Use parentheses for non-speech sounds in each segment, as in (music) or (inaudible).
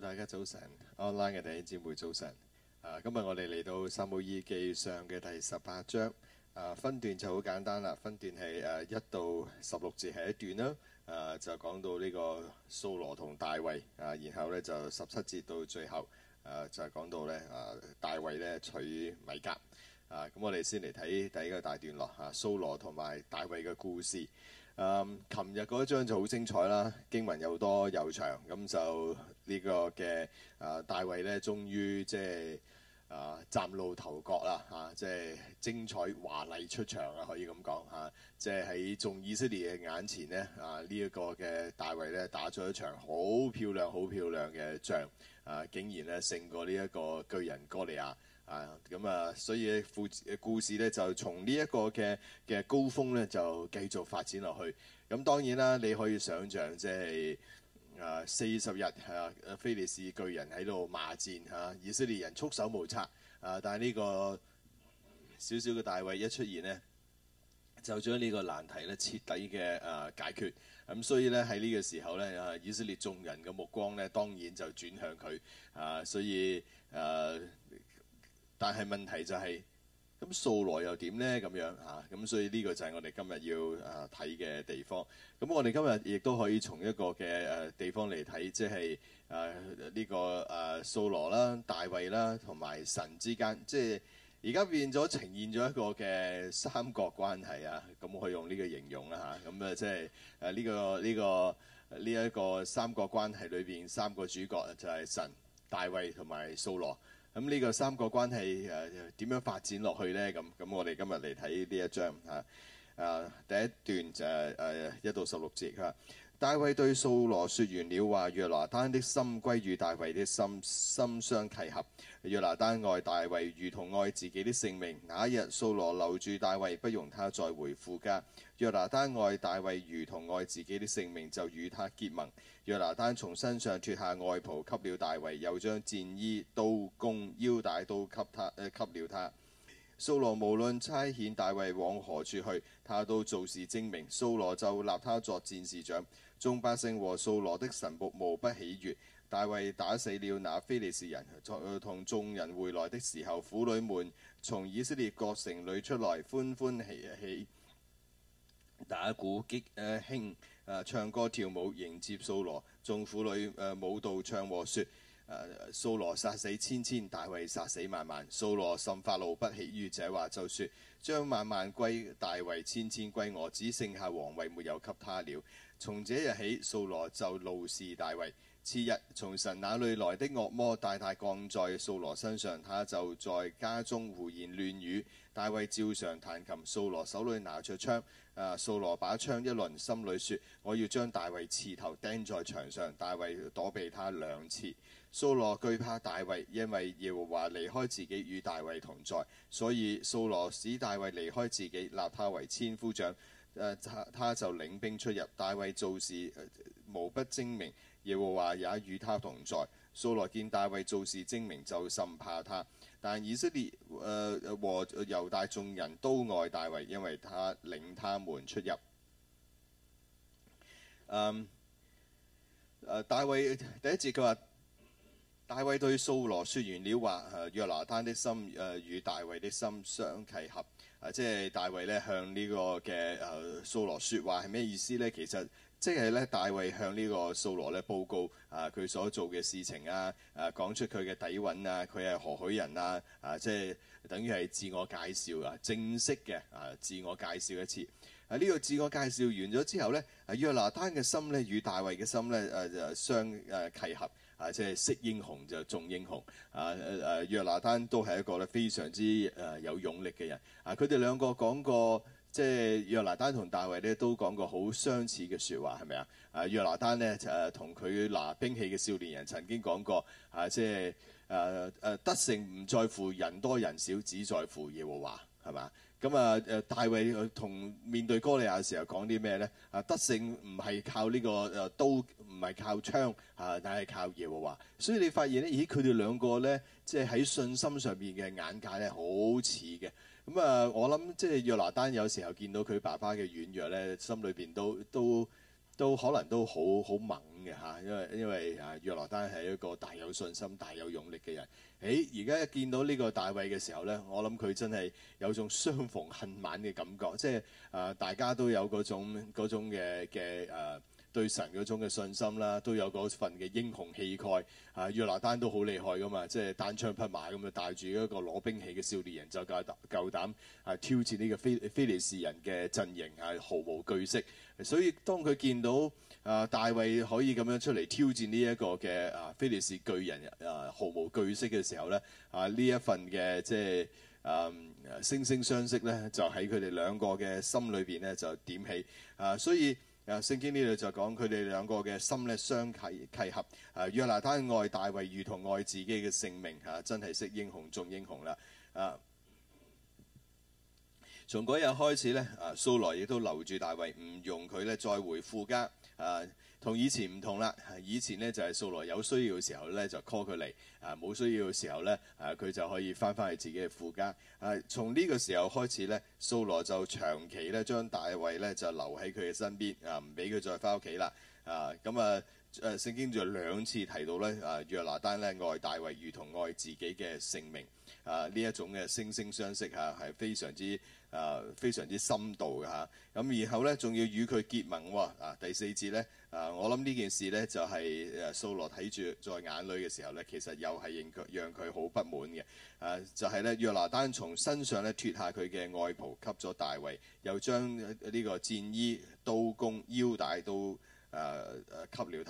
大家早晨，online 嘅弟兄姊妹早晨。啊，今日我哋嚟到《撒母耳記上》嘅第十八章。啊，分段就好簡單啦。分段係誒一到十六節係一段啦。啊，就講到呢個蘇羅同大衛啊，然後咧就十七節到最後啊，就係講到咧啊大衛咧娶米甲啊。咁我哋先嚟睇第一個大段落啊，蘇羅同埋大衛嘅故事。嗯、啊，琴日嗰一章就好精彩啦，經文又多又長，咁就～呢個嘅啊，大衛咧，終於即係啊，嶄露頭角啦嚇，即係精彩華麗出場啊，可以咁講嚇。即係喺眾以色列嘅眼前呢，啊，呢一個嘅大衛咧，打咗一場好漂亮、好漂亮嘅仗啊，竟然咧勝過呢一個巨人哥利亞啊。咁啊，所以故故事咧就從呢一個嘅嘅高峰咧就繼續發展落去。咁當然啦，你可以想像即係。四十日啊，非利士巨人喺度罵戰嚇，以色列人束手無策啊！但係呢個小小嘅大衛一出現呢就將呢個難題呢徹底嘅啊解決。咁所以呢，喺呢個時候呢，啊，以色列眾人嘅目光呢，當然就轉向佢啊。所以啊、呃，但係問題就係、是。咁掃羅又點呢？咁樣嚇，咁、啊、所以呢個就係我哋今日要啊睇嘅地方。咁、啊、我哋今日亦都可以從一個嘅誒、啊、地方嚟睇，即係誒呢個誒掃、啊、羅啦、啊、大衛啦，同、啊、埋神之間，即係而家變咗呈現咗一個嘅三角關係啊！咁、嗯、我可以用呢個形容啦嚇，咁誒即係誒呢個呢、呢個呢一、啊呢個三角關係裏邊三個主角就係、是、神、大衛同埋掃羅。咁呢、嗯這個三個關係誒點樣發展落去呢？咁、嗯、咁、嗯、我哋今日嚟睇呢一章嚇、啊。第一段就係一到十六節啊。大、啊、衛對掃羅説完了話，約拿單的心歸於大衛的心，心相契合。約拿單愛大衛如同愛自己的性命。那一日掃羅留住大衛，不容他再回父家。約拿單愛大衛如同愛自己的性命，就與他結盟。約拿單從身上脱下外袍給了大衛，又將戰衣、刀弓、腰帶都給他，誒、呃、給了他。掃羅無論差遣大衛往何處去，他都做事精明。掃羅就立他作戰士長。眾百姓和掃羅的臣僕無不喜悦。大衛打死了那非利士人。同眾人回來的時候，婦女們從以色列各城裏出來，歡歡喜喜。打鼓擊誒興誒唱歌跳舞，迎接掃羅，眾婦女誒、呃、舞蹈唱和説誒掃羅殺死千千，大衛殺死萬萬。掃羅甚發怒，不喜於這話，就説：將萬萬歸大衛，千千歸我，只剩下王位沒有給他了。從這日起，掃羅就怒視大衛。次日，從神那裏來的惡魔大大降在掃羅身上，他就在家中胡言亂語。大衛照常彈琴，掃羅手裏拿着槍。啊、掃羅把槍一輪，心裏説：我要將大衛刺頭釘在牆上。大衛躲避他兩次。掃羅懼怕大衛，因為耶和華離開自己與大衛同在，所以掃羅使大衛離開自己，立他為千夫長、啊他。他就領兵出入。大衛做事、呃、無不精明。耶和華也與他同在。掃羅見大衛做事精明，就甚怕他。但以色列和猶大眾人都愛大衛，因為他領他們出入。嗯、呃、大衛第一節佢話：大衛對掃羅説完了話，約、啊、拿單的心誒、啊、與大衛的心相契合。啊、即係大衛咧向呢個嘅誒掃羅説話係咩意思呢？其實。即係咧，大衛向呢個掃羅咧報告啊，佢所做嘅事情啊，誒、啊、講出佢嘅底蘊啊，佢係何許人啊？啊，即係等於係自我介紹噶，正式嘅啊，自我介紹一次。呢、啊這個自我介紹完咗之後咧，約拿單嘅心咧與大衛嘅心咧誒、啊、就相誒契合啊，即係識英雄就重英雄啊！誒、啊、約拿單都係一個咧非常之誒有勇力嘅人啊，佢哋兩個講過。即係約拿單同大衛咧都講過好相似嘅説話，係咪啊？啊，約拿單呢，就同佢拿兵器嘅少年人曾經講過，啊即係誒誒得勝唔在乎人多人少，只在乎耶和華係嘛？咁、嗯、啊誒大衛同面對哥利亞嘅時候講啲咩咧？啊得勝唔係靠呢個誒刀，唔係靠槍啊，但係靠耶和華。所以你發現咧，咦佢哋兩個咧即係喺信心上邊嘅眼界咧好似嘅。咁啊、嗯，我諗即係約拿單，有時候見到佢爸爸嘅軟弱呢，心裏邊都都都可能都好好猛嘅嚇，因為因為啊約拿單係一個大有信心、大有勇力嘅人。誒，而家一見到呢個大衛嘅時候呢，我諗佢真係有種相逢恨晚嘅感覺，即係啊、呃，大家都有嗰種嗰種嘅嘅誒。對神嗰種嘅信心啦，都有嗰份嘅英雄氣概。啊，約拿單都好厲害㗎嘛，即係單槍匹馬咁啊，帶住一個攞兵器嘅少年人就夠膽啊挑戰呢個非非利士人嘅陣營係、啊、毫無懼色。所以當佢見到啊大衛可以咁樣出嚟挑戰呢一個嘅啊非利士巨人啊毫無懼色嘅時候咧，啊呢一份嘅即係啊惺惺相惜咧，就喺佢哋兩個嘅心裏邊咧就點起啊，所以。啊，聖經呢度就講佢哋兩個嘅心咧相契契合。啊，約拿單愛大衛如同愛自己嘅性命，嚇、啊，真係識英雄重英雄啦！啊，從嗰日開始咧，啊，掃羅亦都留住大衛，唔容佢咧再回父家。啊。同以前唔同啦，以前呢，就係掃羅有需要嘅時候呢，就 call 佢嚟，啊，冇需要嘅時候呢，啊，佢就可以翻返去自己嘅父家。啊，從呢個時候開始呢，掃羅就長期呢將大衛呢，就留喺佢嘅身邊，啊，唔俾佢再翻屋企啦。啊咁啊，誒聖經就兩次提到呢，啊，約拿單呢愛大衛如同愛自己嘅性命啊，呢一種嘅惺惺相惜啊，係非常之。啊，非常之深度嘅嚇，咁、啊、然後呢，仲要與佢結盟喎，啊第四節呢，啊我諗呢件事呢，就係、是，誒掃羅睇住在眼裏嘅時候呢，其實又係令佢讓佢好不滿嘅，啊就係、是、呢，約拿單從身上呢脫下佢嘅外袍給咗大衛，又將呢個戰衣、刀弓、腰帶都誒誒給了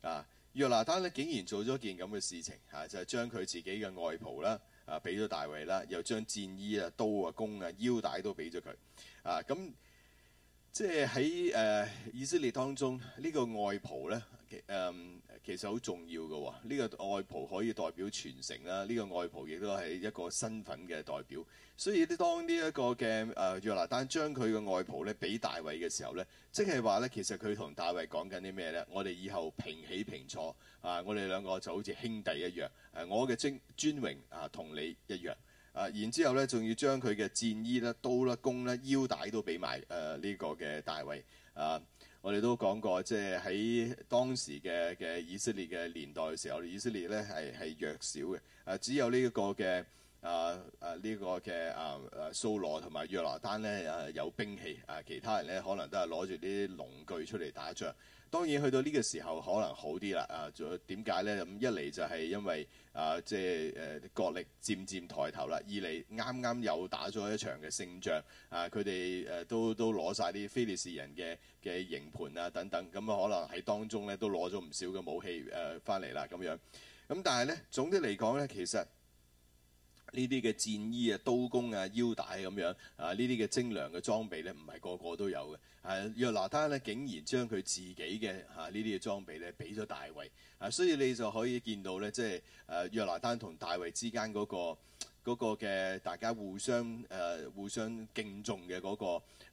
他，啊約拿單呢竟然做咗件咁嘅事情嚇、啊，就係、是、將佢自己嘅外袍啦。啊！畀咗大衛啦，又將戰衣啊、刀啊、弓啊、腰帶都畀咗佢。啊，咁即係喺誒以色列當中呢、呢個外袍咧，誒、嗯。其實好重要嘅喎、哦，呢、這個外袍可以代表傳承啦，呢、這個外袍亦都係一個身份嘅代表。所以你當呢一個嘅誒約拿單將佢嘅外袍咧俾大衛嘅時候呢，即係話呢，其實佢同大衛講緊啲咩呢？我哋以後平起平坐啊，我哋兩個就好似兄弟一樣。誒、啊，我嘅尊尊榮啊，同你一樣啊。然之後呢，仲要將佢嘅戰衣咧、刀咧、弓咧、腰帶都俾埋誒呢個嘅大衛啊。我哋都講過，即係喺當時嘅嘅以色列嘅年代嘅時候，以色列咧係係弱小嘅，啊只有、這個啊啊、呢一個嘅啊啊呢個嘅啊啊掃羅同埋約拿單咧係有兵器，啊其他人咧可能都係攞住啲農具出嚟打仗。當然去到呢個時候可能好啲啦，啊，點解呢？咁一嚟就係因為啊，即係誒國力漸漸抬頭啦；二嚟啱啱又打咗一場嘅勝仗，啊，佢哋誒都都攞晒啲非利士人嘅嘅營盤啊等等，咁啊可能喺當中咧都攞咗唔少嘅武器誒翻嚟啦咁樣。咁、啊、但係呢，總的嚟講呢，其實。呢啲嘅戰衣啊、刀弓啊、腰帶咁樣啊，呢啲嘅精良嘅裝備呢，唔係個個都有嘅。啊，約拿單咧竟然將佢自己嘅啊呢啲嘅裝備咧，俾咗大衛。啊，所以你就可以見到呢，即係啊約拿單同大衛之間嗰個嗰個嘅大家互相誒、啊、互相敬重嘅嗰個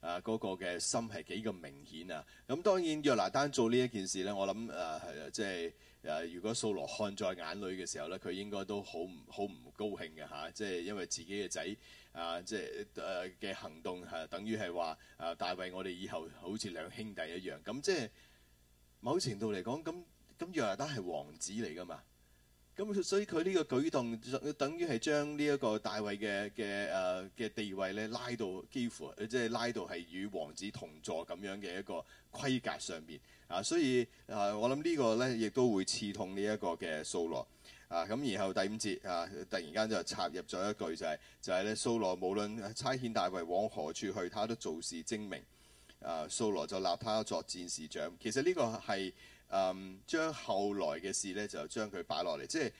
啊嗰個嘅心係幾咁明顯啊！咁當然約拿單做呢一件事呢，我諗誒係啊，即係。誒，如果掃羅看在眼裏嘅時候咧，佢應該都好唔好唔高興嘅嚇、啊，即係因為自己嘅仔啊，即係誒嘅行動係、啊、等於係話誒大衛，我哋以後好似兩兄弟一樣，咁即係某程度嚟講，咁咁約拿單係王子嚟噶嘛。咁、嗯、所以佢呢個舉動等於係將呢一個大衛嘅嘅誒嘅地位咧拉到幾乎，即係拉到係與王子同坐咁樣嘅一個規格上邊啊！所以誒、啊，我諗呢個咧亦都會刺痛呢一個嘅掃羅啊！咁然後第五節啊，突然間就插入咗一句就係、是、就係咧掃羅無論差遣大衛往何處去，他都做事精明啊！掃羅就立他作戰士長。其實呢個係。嗯，將後來嘅事呢，就將佢擺落嚟，即係誒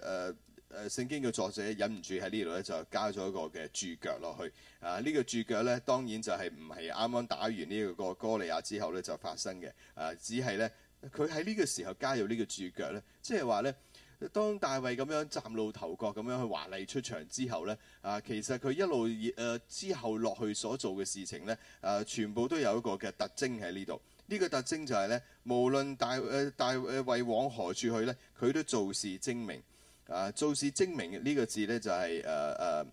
誒誒聖經嘅作者忍唔住喺呢度呢，就加咗一個嘅注腳落去。啊，呢、這個注腳呢，當然就係唔係啱啱打完呢個哥利亞之後呢就發生嘅。啊，只係呢，佢喺呢個時候加入呢個注腳呢，即係話呢，當大衛咁樣嶄露頭角咁樣去華麗出場之後呢，啊，其實佢一路誒、呃、之後落去所做嘅事情呢，誒、啊、全部都有一個嘅特徵喺呢度。呢個特徵就係咧，無論大誒大誒衛往何處去咧，佢都做事精明。啊，做事精明呢個字咧就係誒誒誒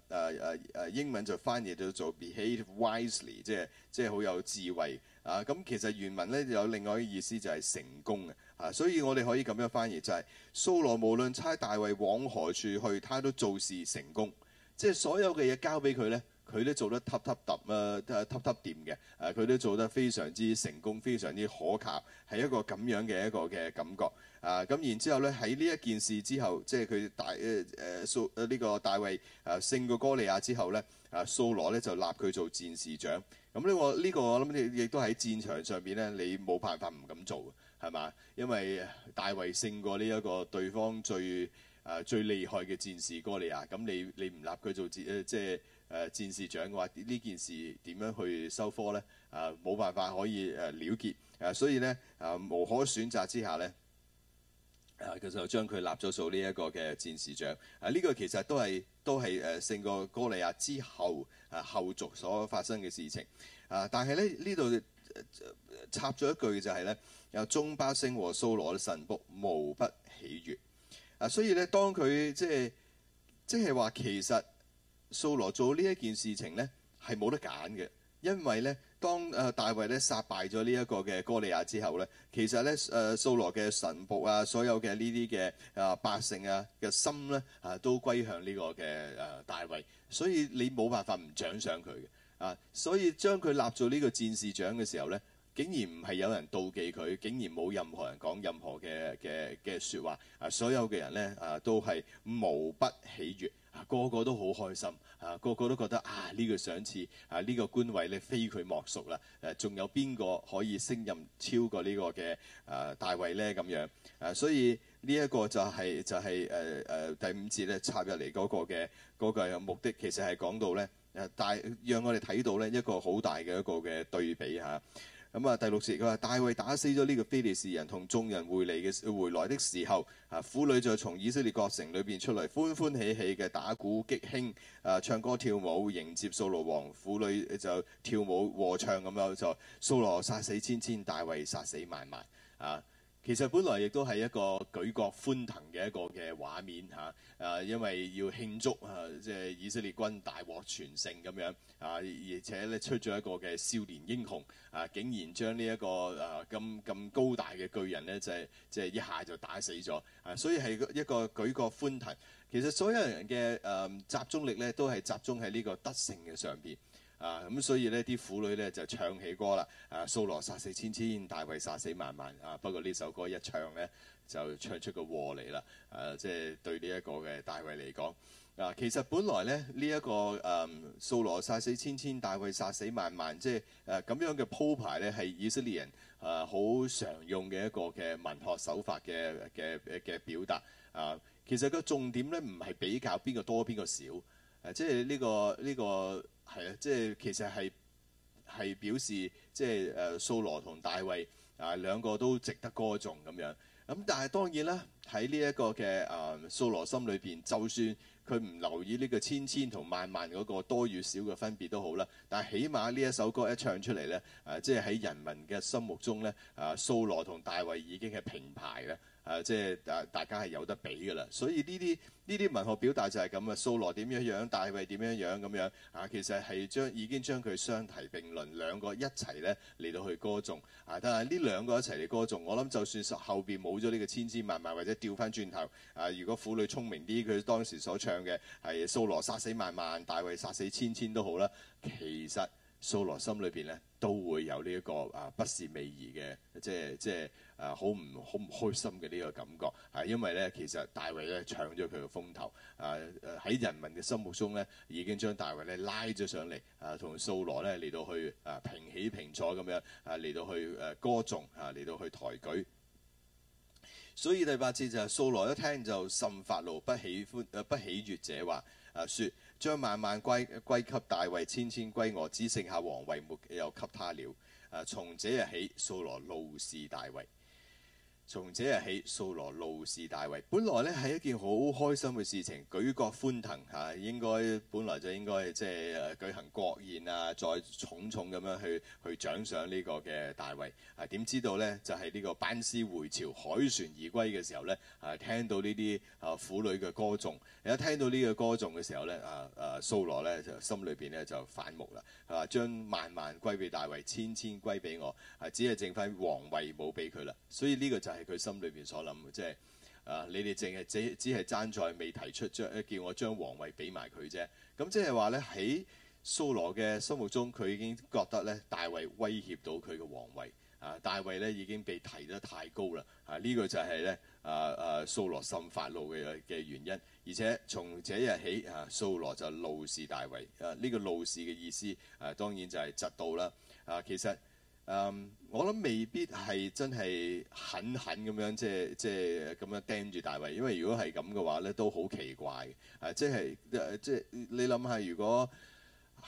誒誒英文就翻譯到做 behave wisely，即係即係好有智慧。啊，咁其實原文咧有另外一個意思就係成功嘅。啊，所以我哋可以咁樣翻譯就係，掃羅無論差大衛往何處去，他都做事成功。即係所有嘅嘢交俾佢咧。佢都做得揼揼揼揼揼掂嘅。誒，佢都做得非常之成功，非常之可靠，係一個咁樣嘅一個嘅感覺啊。咁然之後呢，喺呢一件事之後，即係佢大誒誒掃呢個大衛誒、呃、勝過哥利亞之後呢，啊掃羅呢就立佢做戰士長。咁、嗯、呢、這個呢個我諗亦都喺戰場上邊呢，你冇辦法唔咁做係嘛？因為大衛勝過呢一個對方最誒、呃、最厲害嘅戰士哥利亞，咁、嗯、你你唔立佢做戰誒、呃、即係？誒、啊、戰士長嘅話，呢件事點樣去收科呢？啊，冇辦法可以誒了結，誒、啊、所以呢，誒、啊、無可選擇之下呢，佢、啊、就將佢立咗做呢一個嘅戰士長。啊，呢、這個其實都係都係誒勝過歌利亞之後啊後續所發生嘅事情。啊，但係咧呢度、啊、插咗一句就係咧，有眾百姓和掃羅的神僕無不喜悅。啊，所以呢，當佢即係即係話其實。掃羅做呢一件事情呢，係冇得揀嘅，因為呢，當誒大衛咧殺敗咗呢一個嘅哥利亞之後呢，其實呢，誒掃羅嘅神僕啊，所有嘅呢啲嘅啊百姓啊嘅心呢，啊都歸向呢個嘅誒大衛，所以你冇辦法唔獎賞佢嘅啊，所以將佢立做呢個戰士長嘅時候呢，竟然唔係有人妒忌佢，竟然冇任何人講任何嘅嘅嘅説話啊，所有嘅人呢，啊都係無不喜悅。個個都好開心，啊個個都覺得啊呢、這個賞賜啊呢、這個官位咧非佢莫屬啦！誒、啊，仲有邊個可以升任超過呢個嘅誒、啊、大位呢？咁樣誒、啊，所以呢一、這個就係、是、就係誒誒第五節咧插入嚟嗰個嘅嗰、那個、目的，其實係講到呢，誒、啊，但係讓我哋睇到呢一個好大嘅一個嘅對比嚇。啊咁啊、嗯，第六節佢話：大衛打死咗呢個非利士人，同眾人回嚟嘅回來的時候，啊婦女就從以色列各城裏邊出嚟歡歡喜喜嘅打鼓擊磬，啊唱歌跳舞迎接掃羅王。婦女就跳舞和唱，咁樣就掃羅殺死千千，大衛殺死萬萬，啊。其實本來亦都係一個舉國歡騰嘅一個嘅畫面嚇，誒、啊，因為要慶祝啊，即係以色列軍大獲全勝咁樣啊，而且咧出咗一個嘅少年英雄啊，竟然將呢一個誒咁咁高大嘅巨人呢，就係即係一下就打死咗啊，所以係一個舉國歡騰。其實所有人嘅誒、啊、集中力呢，都係集中喺呢個得勝嘅上邊。啊咁，所以呢啲婦女呢，就唱起歌啦。啊，掃羅殺死千千，大衛殺死萬萬。啊，不過呢首歌一唱呢，就唱出個禍嚟啦。誒、啊，即係對呢一個嘅大衛嚟講啊，其實本來呢，呢、這、一個誒掃羅殺死千千，大衛殺死萬萬，即係誒咁樣嘅鋪排呢，係以色列人誒好、啊、常用嘅一個嘅文學手法嘅嘅嘅表達啊。其實個重點呢，唔係比較邊個多邊個少誒、啊，即係呢個呢個。這個係啊，即係其實係係表示即係誒，掃羅同大衛啊兩個都值得歌頌咁樣。咁、嗯、但係當然啦，喺呢一個嘅誒掃羅心裏邊，就算佢唔留意呢個千千同萬萬嗰個多與少嘅分別都好啦。但係起碼呢一首歌一唱出嚟呢，誒、啊、即係喺人民嘅心目中呢，誒、啊、掃羅同大衛已經係平排啦。啊！即係大大家係有得比嘅啦，所以呢啲呢啲文學表達就係咁啊。掃羅點樣樣，大衛點樣樣咁樣啊？其實係將已經將佢相提並論，兩個一齊呢嚟到去歌頌啊！但係呢兩個一齊嚟歌頌，我諗就算後後邊冇咗呢個千千萬萬，或者掉翻轉頭啊！如果婦女聰明啲，佢當時所唱嘅係掃羅殺死萬萬，大衛殺死千千都好啦。其實掃羅心裏邊呢，都會有呢、這、一個啊，不是味兒嘅，即係即係。啊，好唔好唔開心嘅呢個感覺？係、啊、因為呢其實大衛咧搶咗佢嘅風頭。啊，喺、啊、人民嘅心目中呢，已經將大衛咧拉咗上嚟。啊，同掃羅咧嚟到去啊平起平坐咁樣。啊，嚟到去誒歌頌。啊，嚟到去抬舉。所以第八節就係、是、掃羅一聽就甚發怒、呃，不喜歡不喜悅這話。啊，説將萬萬歸歸給大衛，千千歸我，只剩下王位沒有給他了。啊，從這日起，掃羅怒視大衛。從這日起，掃羅怒視大衛。本來咧係一件好開心嘅事情，舉國歡騰嚇、啊。應該本來就應該即、就、係、是啊、舉行國宴啊，再重重咁樣去去獎賞呢個嘅大衛。啊，點知道呢？就係、是、呢個班師回朝、凱旋而歸嘅時候呢，啊聽到呢啲啊婦女嘅歌頌。一聽到呢個歌頌嘅時候、啊啊、掃羅呢，啊啊掃羅呢就心裏邊呢就反目啦。啊，將萬萬歸俾大衛，千千歸俾我，係、啊、只係剩翻王位冇俾佢啦。所以呢個就係、是。佢心裏邊所諗即係啊，你哋淨係只只係爭在未提出將叫我將皇位俾埋佢啫。咁、嗯、即係話咧，喺掃羅嘅心目中，佢已經覺得咧，大衛威脅到佢嘅皇位啊。大衛咧已經被提得太高啦啊！呢、這個就係咧啊啊掃羅心發怒嘅嘅原因。而且從這日起啊，掃羅就怒視大衛啊。呢、這個怒視嘅意思啊，當然就係窒到啦啊。其實。嗯，um, 我諗未必係真係狠狠咁樣，即係即係咁樣盯住大衛。因為如果係咁嘅話咧，都好奇怪。誒、啊，即係、呃、即係你諗下，如果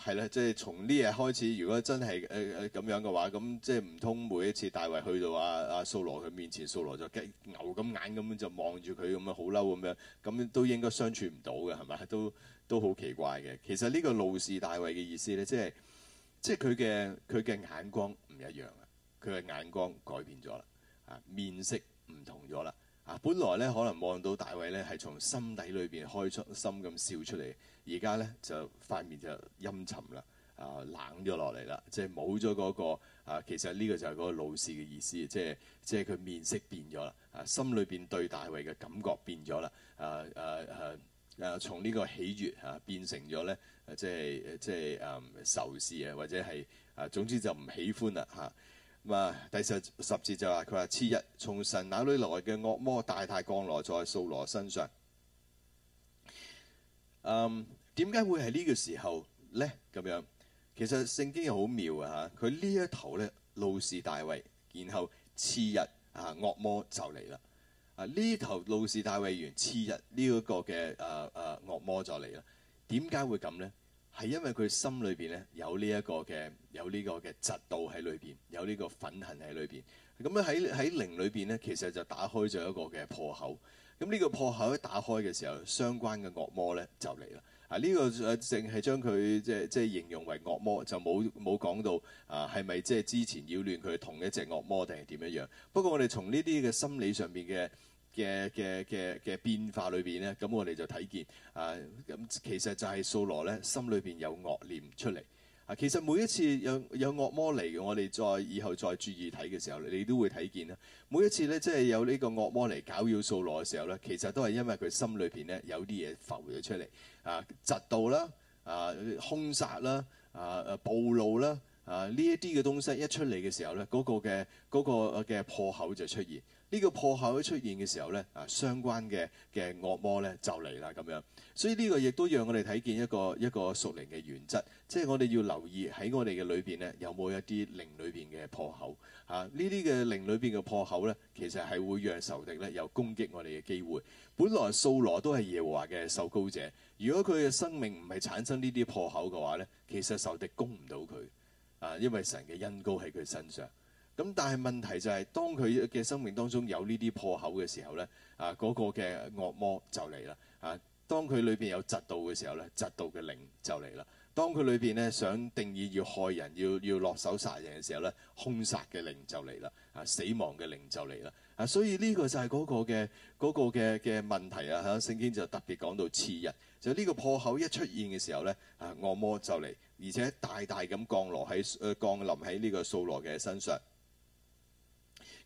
係啦，即係從呢日開始，如果真係誒誒咁樣嘅話，咁即係唔通每一次大衛去到阿阿掃羅佢面前掃，掃羅就雞牛咁眼咁就望住佢咁樣好嬲咁樣，咁都應該相處唔到嘅係咪？都都好奇怪嘅。其實呢個怒視大衛嘅意思咧，即係。即係佢嘅佢嘅眼光唔一樣啦，佢嘅眼光改變咗啦，啊面色唔同咗啦，啊本來咧可能望到大衛咧係從心底裏邊開出心咁笑出嚟，而家咧就塊面就陰沉啦，啊冷咗落嚟啦，即係冇咗嗰個啊，其實呢個就係嗰個怒視嘅意思，即係即係佢面色變咗啦，啊心裏邊對大衛嘅感覺變咗啦，啊啊啊！啊誒、啊、從呢個喜悅嚇、啊、變成咗咧、啊，即係即係誒仇視啊，或者係誒、啊、總之就唔喜歡啦嚇。咁啊，啊，第十十節就話佢話次日從神那裏來嘅惡魔大大降落在掃羅身上。誒點解會係呢個時候咧？咁樣其實聖經又好妙嘅嚇，佢、啊、呢一頭咧怒視大衛，然後次日啊惡魔就嚟啦。呢、啊、頭路士大衞員次日呢一個嘅誒誒惡魔就嚟啦，點解會咁呢？係因為佢心裏邊咧有呢一個嘅有呢個嘅嫉妒喺裏邊，有呢個憤恨喺裏邊。咁咧喺喺靈裏邊呢，其實就打開咗一個嘅破口。咁、啊、呢、這個破口一打開嘅時候，相關嘅惡魔呢就嚟啦。啊呢、這個誒淨係將佢即係即係形容為惡魔，就冇冇講到啊係咪即係之前擾亂佢同一隻惡魔定係點樣樣？不過我哋從呢啲嘅心理上面嘅嘅嘅嘅嘅變化裏邊咧，咁我哋就睇見啊，咁其實就係掃羅咧心裏邊有惡念出嚟啊。其實每一次有有惡魔嚟，我哋再以後再注意睇嘅時候你都會睇見啦。每一次咧，即係有呢個惡魔嚟搞擾掃羅嘅時候咧，其實都係因為佢心裏邊咧有啲嘢浮咗出嚟啊，窒道啦啊，凶殺啦啊，暴露啦啊，呢一啲嘅東西一出嚟嘅時候咧，嗰個嘅嗰個嘅破口就出現。呢個破口一出現嘅時候咧，啊相關嘅嘅惡魔咧就嚟啦咁樣，所以呢個亦都讓我哋睇見一個一個屬靈嘅原則，即係我哋要留意喺我哋嘅裏邊咧有冇一啲靈裏邊嘅破口，啊呢啲嘅靈裏邊嘅破口咧，其實係會讓仇敵咧有攻擊我哋嘅機會。本來掃羅都係耶和華嘅受膏者，如果佢嘅生命唔係產生呢啲破口嘅話咧，其實仇敵攻唔到佢，啊因為神嘅恩膏喺佢身上。咁但係問題就係、是，當佢嘅生命當中有呢啲破口嘅時候呢，啊嗰、那個嘅惡魔就嚟啦！啊，當佢裏邊有嫉妒嘅時候呢，嫉妒嘅靈就嚟啦；當佢裏邊呢，想定義要害人、要要落手殺人嘅時候呢，兇殺嘅靈就嚟啦！啊，死亡嘅靈就嚟啦！啊，所以呢個就係嗰個嘅嗰個嘅嘅問題啊！聖經就特別講到次日，就呢個破口一出現嘅時候呢，啊惡魔就嚟，而且大大咁降落喺、呃、降臨喺呢個掃羅嘅身上。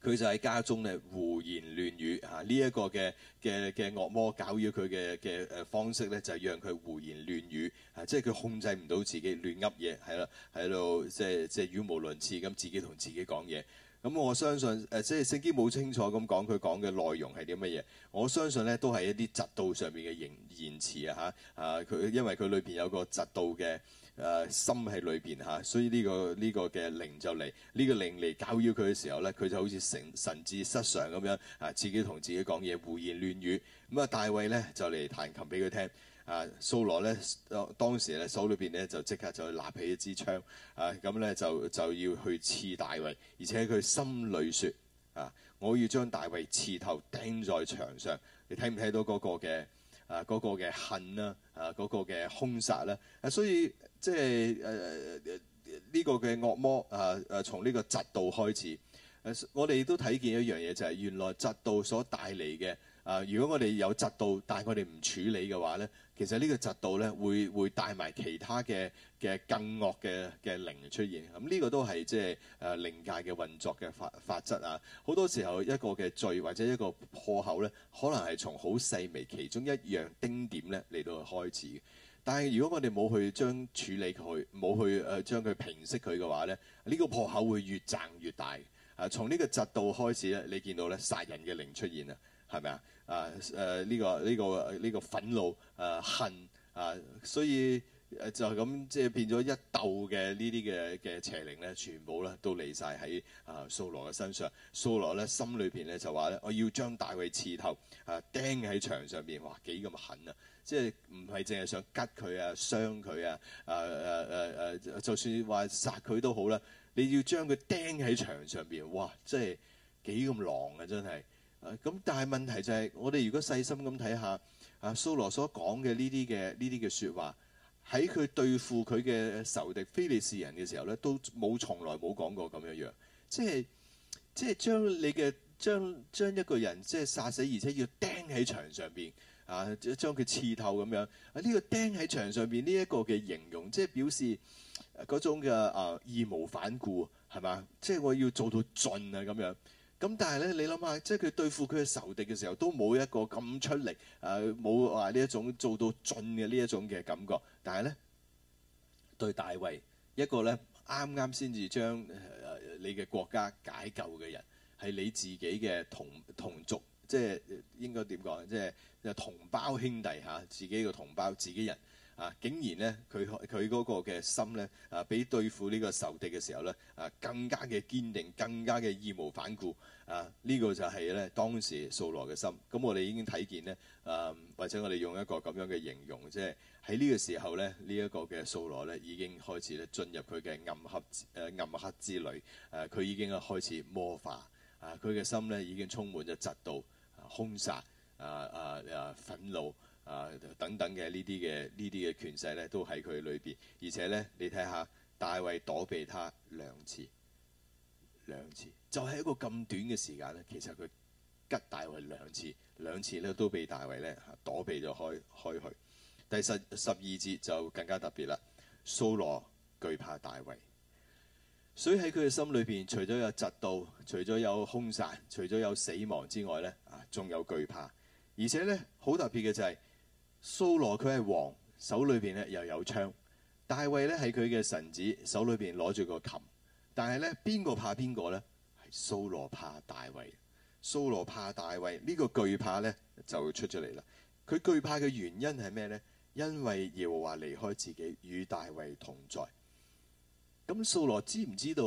佢就喺家中咧胡言亂語，啊呢一、這個嘅嘅嘅惡魔搞擾佢嘅嘅誒方式咧，就係、是、讓佢胡言亂語，啊即係佢控制唔到自己亂噏嘢，係啦，喺、啊、度即係即係語無倫次咁自己同自己講嘢。咁我相信誒，即係聖經冇清楚咁講佢講嘅內容係啲乜嘢，我相信咧、啊、都係一啲習道上面嘅言言詞啊，嚇啊，佢，因為佢裏邊有個習道嘅。誒、啊、心喺裏邊嚇，所以呢、呢個呢、呢個嘅靈就嚟呢、呢個靈嚟攪擾佢嘅時候咧，佢就好似神神志失常咁樣啊，自己同自己講嘢胡言亂語。咁啊，大衛咧就嚟彈琴俾佢聽。啊，蘇羅咧當當時咧手裏邊咧就即刻就立起一支槍啊，咁咧就就要去刺大衛，而且佢心裏說啊，我要將大衛刺透釘在牆上。你睇唔睇到嗰個嘅啊嗰嘅、嗰個、恨啦啊嗰、嗰個嘅兇殺咧啊，所以。即係誒呢個嘅惡魔啊，誒從呢個嫉妒開始。誒、呃、我哋都睇見一樣嘢就係、是、原來嫉妒所帶嚟嘅啊。如果我哋有嫉妒，但係我哋唔處理嘅話咧，其實個呢個嫉妒咧會會帶埋其他嘅嘅更惡嘅嘅靈出現。咁、嗯、呢、這個都係即係誒靈界嘅運作嘅法法則啊。好多時候一個嘅罪或者一個破口咧，可能係從好細微其中一樣丁點咧嚟到開始嘅。但係如果我哋冇去將處理佢，冇去誒將佢平息佢嘅話咧，呢、這個破口會越掙越大。啊，從呢個嫉妒開始咧，你見到咧殺人嘅靈出現啦，係咪啊？啊誒呢、這個呢、這個呢、這個憤怒啊恨啊，所以誒、啊、就係咁，即係變咗一竇嘅呢啲嘅嘅邪靈咧，全部咧都嚟晒喺啊蘇羅嘅身上。蘇羅咧心裏邊咧就話咧，我要將大衞刺透啊釘喺牆上邊，哇幾咁狠，狠啊！即係唔係淨係想吉佢啊、傷佢啊、誒誒誒誒，就算話殺佢都好啦。你要將佢釘喺牆上邊，哇！即係幾咁狼啊，真係。咁、啊、但係問題就係、是，我哋如果細心咁睇下，阿、啊、掃羅所講嘅呢啲嘅呢啲嘅説話，喺佢對付佢嘅仇敵非利士人嘅時候咧，都冇從來冇講過咁樣樣。即係即係將你嘅將將一個人即係殺死，而且要釘喺牆上邊。啊！將佢刺透咁樣啊！呢個釘喺牆上邊呢一個嘅形容，即係表示嗰種嘅啊義無反顧係嘛？即係我要做到盡啊咁樣。咁但係咧，你諗下，即係佢對付佢嘅仇敵嘅時候，都冇一個咁出力啊！冇話呢一種做到盡嘅呢一種嘅感覺。但係咧，對大衛一個咧啱啱先至將你嘅國家解救嘅人，係你自己嘅同同族。即係應該點講？即係同胞兄弟嚇、啊，自己個同胞自己人啊！竟然呢，佢佢嗰個嘅心呢，啊，比對付呢個仇敵嘅時候呢，啊，更加嘅堅定，更加嘅義無反顧啊！呢、這個就係呢當時掃羅嘅心。咁、啊、我哋已經睇見呢，啊，或者我哋用一個咁樣嘅形容，即係喺呢個時候呢，呢、這、一個嘅掃羅呢，已經開始咧進入佢嘅暗黑誒暗黑之旅。誒、啊，佢已經開始魔化啊！佢嘅心呢，已經充滿咗嫉妒。兇殺啊啊啊憤怒啊等等嘅呢啲嘅呢啲嘅權勢咧，都喺佢裏邊。而且咧，你睇下大衛躲避他兩次，兩次就係、是、一個咁短嘅時間咧。其實佢吉大衛兩次兩次咧，都被大衛咧躲避咗開開去。第十十二節就更加特別啦，掃羅懼怕大衛。所以喺佢嘅心裏邊，除咗有嫉妒，除咗有凶殺，除咗有死亡之外咧，啊，仲有懼怕。而且咧，好特別嘅就係蘇羅佢係王，手裏邊咧又有槍；大衛咧喺佢嘅臣子手裏邊攞住個琴。但係咧，邊個怕邊個咧？係蘇羅怕大衛，蘇羅怕大衛，這個，呢個懼怕咧就出咗嚟啦。佢懼怕嘅原因係咩咧？因為耶和華離開自己，與大衛同在。咁掃羅知唔知道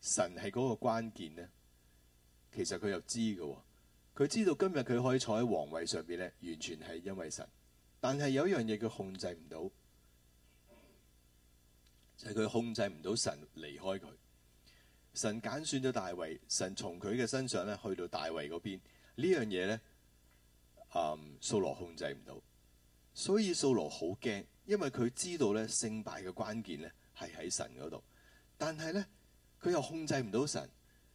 神係嗰個關鍵呢？其實佢又知嘅、哦，佢知道今日佢可以坐喺皇位上邊咧，完全係因為神。但係有一樣嘢佢控制唔到，就係、是、佢控制唔到神離開佢。神揀選咗大衛，神從佢嘅身上咧去到大衛嗰邊，樣、呢樣嘢咧，嗯，掃羅控制唔到。所以掃羅好驚，因為佢知道咧勝敗嘅關鍵咧，係喺神嗰度，但係咧，佢又控制唔到神。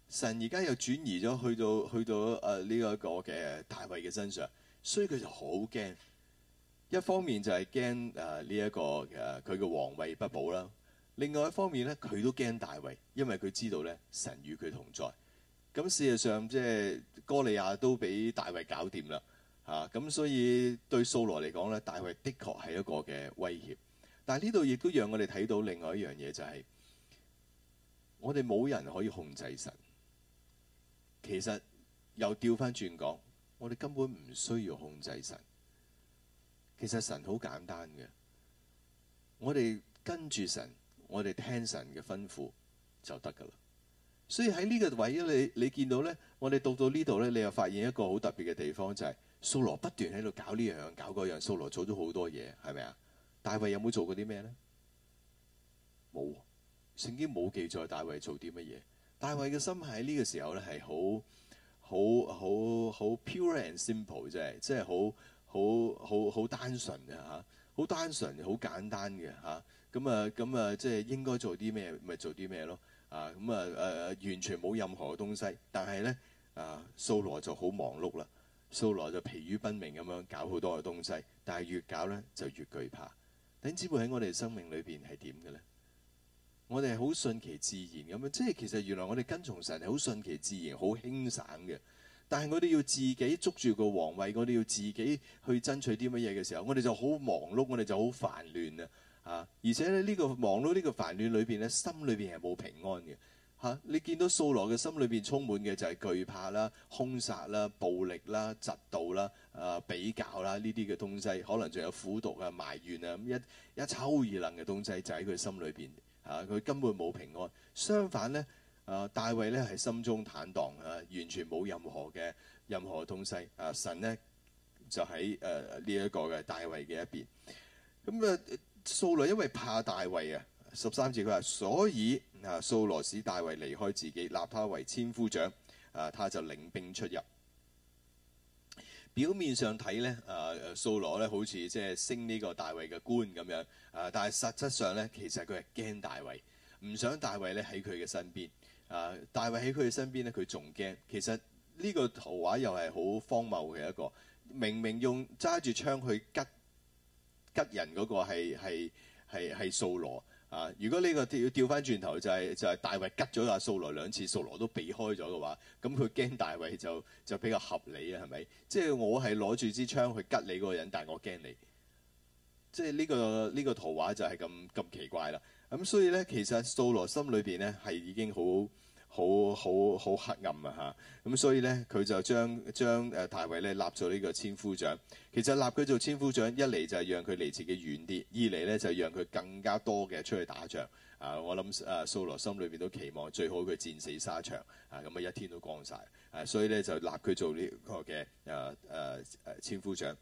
神而家又轉移咗去到去到誒呢一個嘅大衛嘅身上，所以佢就好驚。一方面就係驚誒呢一個誒佢嘅皇位不保啦。另外一方面咧，佢都驚大衛，因為佢知道咧神與佢同在。咁事實上即係哥利亞都俾大衛搞掂啦，嚇、啊、咁所以對掃羅嚟講咧，大衛的確係一個嘅威脅。但係呢度亦都讓我哋睇到另外一樣嘢，就係我哋冇人可以控制神。其實又調翻轉講，我哋根本唔需要控制神。其實神好簡單嘅，我哋跟住神，我哋聽神嘅吩咐就得㗎啦。所以喺呢個位，你你見到咧，我哋到到呢度咧，你又發現一個好特別嘅地方，就係掃羅不斷喺度搞呢樣搞嗰樣，掃羅做咗好多嘢，係咪啊？大衛有冇做過啲咩咧？冇、啊，聖經冇記載大衛做啲乜嘢。大衛嘅心喺呢個時候咧，係好好好好 pure and simple 啫，即係好好好好單純嘅吓，好、啊、單純，好簡單嘅吓。咁啊咁啊、嗯、啊，即係應該做啲咩咪做啲咩咯。啊，咁啊誒、啊、完全冇任何嘅東西。但係咧啊，掃羅就好忙碌啦，掃羅就疲於奔命咁樣搞好多嘅東西，但係越搞咧就越懼怕。點知會喺我哋生命裏邊係點嘅呢？我哋係好順其自然咁樣，即係其實原來我哋跟從神係好順其自然、好輕省嘅。但係我哋要自己捉住個皇位，我哋要自己去爭取啲乜嘢嘅時候，我哋就好忙碌，我哋就好煩亂啊！而且呢、呢個忙碌呢、呢個煩亂裏邊呢心裏邊係冇平安嘅。啊、你見到掃羅嘅心裏邊充滿嘅就係懼怕啦、兇殺啦、暴力啦、嫉妒啦、啊、呃、比較啦呢啲嘅東西，可能仲有苦毒啊、埋怨啊，咁一一抽二掕嘅東西就喺佢心裏邊嚇，佢、啊、根本冇平安。相反呢，啊、呃、大衛呢係心中坦蕩啊，完全冇任何嘅任何嘅東西。啊，神呢就喺誒呢一個嘅大衛嘅一邊。咁啊，掃羅因為怕大衛啊。十三節佢話，所以啊，掃羅使大衛離開自己，立他為千夫長，啊，他就領兵出入。表面上睇呢，啊，掃羅呢好似即係升呢個大衛嘅官咁樣，啊，但係實質上呢，其實佢係驚大衛，唔想大衛呢喺佢嘅身邊。啊，大衛喺佢嘅身邊呢，佢仲驚。其實呢個圖畫又係好荒謬嘅一個，明明用揸住槍去吉吉人嗰個係係係係掃羅。啊！如果呢、這個調調翻轉頭就係、是、就係、是、大衛吉咗阿掃羅兩次，掃羅都避開咗嘅話，咁佢驚大衛就就比較合理啊？係咪？即、就、係、是、我係攞住支槍去吉你嗰個人，但係我驚你。即係呢個呢、這個圖畫就係咁咁奇怪啦。咁所以咧，其實掃羅心裏邊咧係已經好。好好好黑暗啊！嚇、啊、咁，所以呢，佢就將將誒大衛咧立做呢個千夫長。其實立佢做千夫長，一嚟就係讓佢離自己遠啲，二嚟呢就係、是、讓佢更加多嘅出去打仗。啊，我諗啊，掃羅心裏邊都期望最好佢戰死沙場啊，咁啊一天都光晒。啊，所以呢，就立佢做呢個嘅誒誒誒千夫長。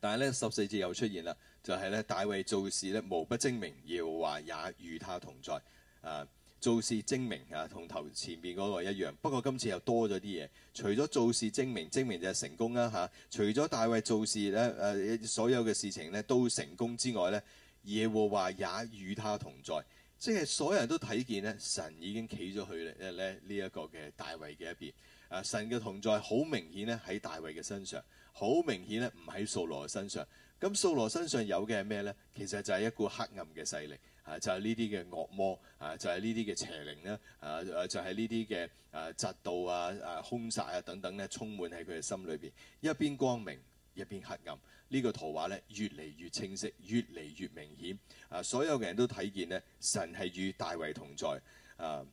但係呢，十四節又出現啦，就係、是、呢，大衛做事呢，無不精明，耶和華也與他同在啊。做事精明啊，同頭前面嗰個一樣，不過今次又多咗啲嘢。除咗做事精明，精明就係成功啦嚇、啊。除咗大衛做事咧，誒、啊、所有嘅事情咧都成功之外咧，耶和華也與他同在，即係所有人都睇見咧，神已經企咗去咧呢一個嘅大衛嘅一邊。啊，神嘅同在好明顯咧喺大衛嘅身上，好明顯咧唔喺掃羅嘅身上。咁掃羅身上有嘅係咩咧？其實就係一股黑暗嘅勢力。啊！就係呢啲嘅惡魔啊！就係呢啲嘅邪靈咧啊，啊！就係呢啲嘅誒嫉妒啊、誒、啊、兇殺啊等等咧，充滿喺佢嘅心裏邊。一邊光明，一邊黑暗。呢、這個圖畫咧越嚟越清晰，越嚟越明顯啊！所有嘅人都睇見咧，神係與大衛同在啊！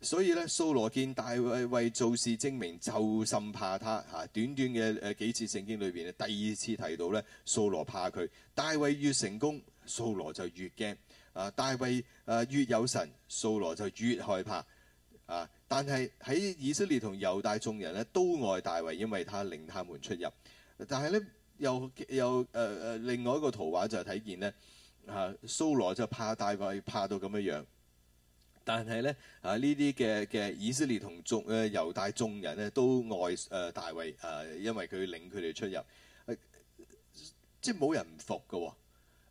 所以咧，掃羅見大衛為做事精明，就甚怕他嚇、啊。短短嘅誒幾次聖經裏邊咧，第二次提到咧，掃羅怕佢大衛越成功，掃羅就越驚。啊。啊！大衛誒、呃、越有神，掃羅就越害怕啊！但係喺以色列同猶大眾人咧，都愛大衛，因為他領他們出入。但係呢，又又誒誒、呃，另外一個圖畫就係睇見咧，啊，掃羅就怕大衛，怕到咁樣。但係咧，啊呢啲嘅嘅以色列同眾誒猶大眾人咧，都愛誒大衛啊、呃，因為佢領佢哋出入，啊、即係冇人唔服嘅喎、哦。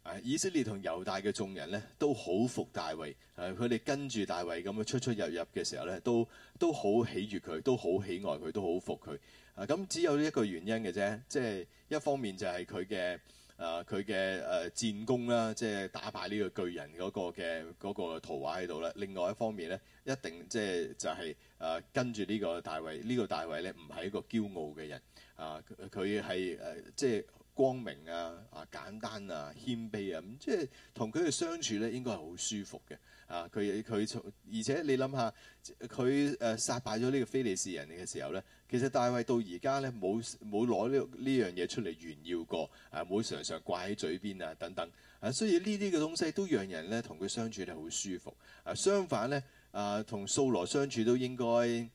啊，以色列同猶大嘅眾人呢，都好服大衛。誒、啊，佢哋跟住大衛咁樣出出入入嘅時候呢，都都好喜悅佢，都好喜愛佢，都好服佢。啊，咁只有一個原因嘅啫，即係一方面就係佢嘅誒，佢嘅誒戰功啦，即係打敗呢個巨人嗰個嘅嗰個圖畫喺度啦。另外一方面呢，一定即係就係誒跟住呢個大衛，呢個大衛呢，唔係一個驕傲嘅人。啊，佢係誒即係。光明啊，啊簡單啊，謙卑啊，咁即係同佢哋相處咧，應該係好舒服嘅。啊，佢佢從而且你諗下，佢誒、啊、殺敗咗呢個非利士人嘅時候咧，其實大衛到而家咧冇冇攞呢呢樣嘢出嚟炫耀過，啊冇常常掛喺嘴邊啊等等。啊，所以呢啲嘅東西都讓人咧同佢相處咧好舒服。啊，相反咧啊，同掃羅相處都應該。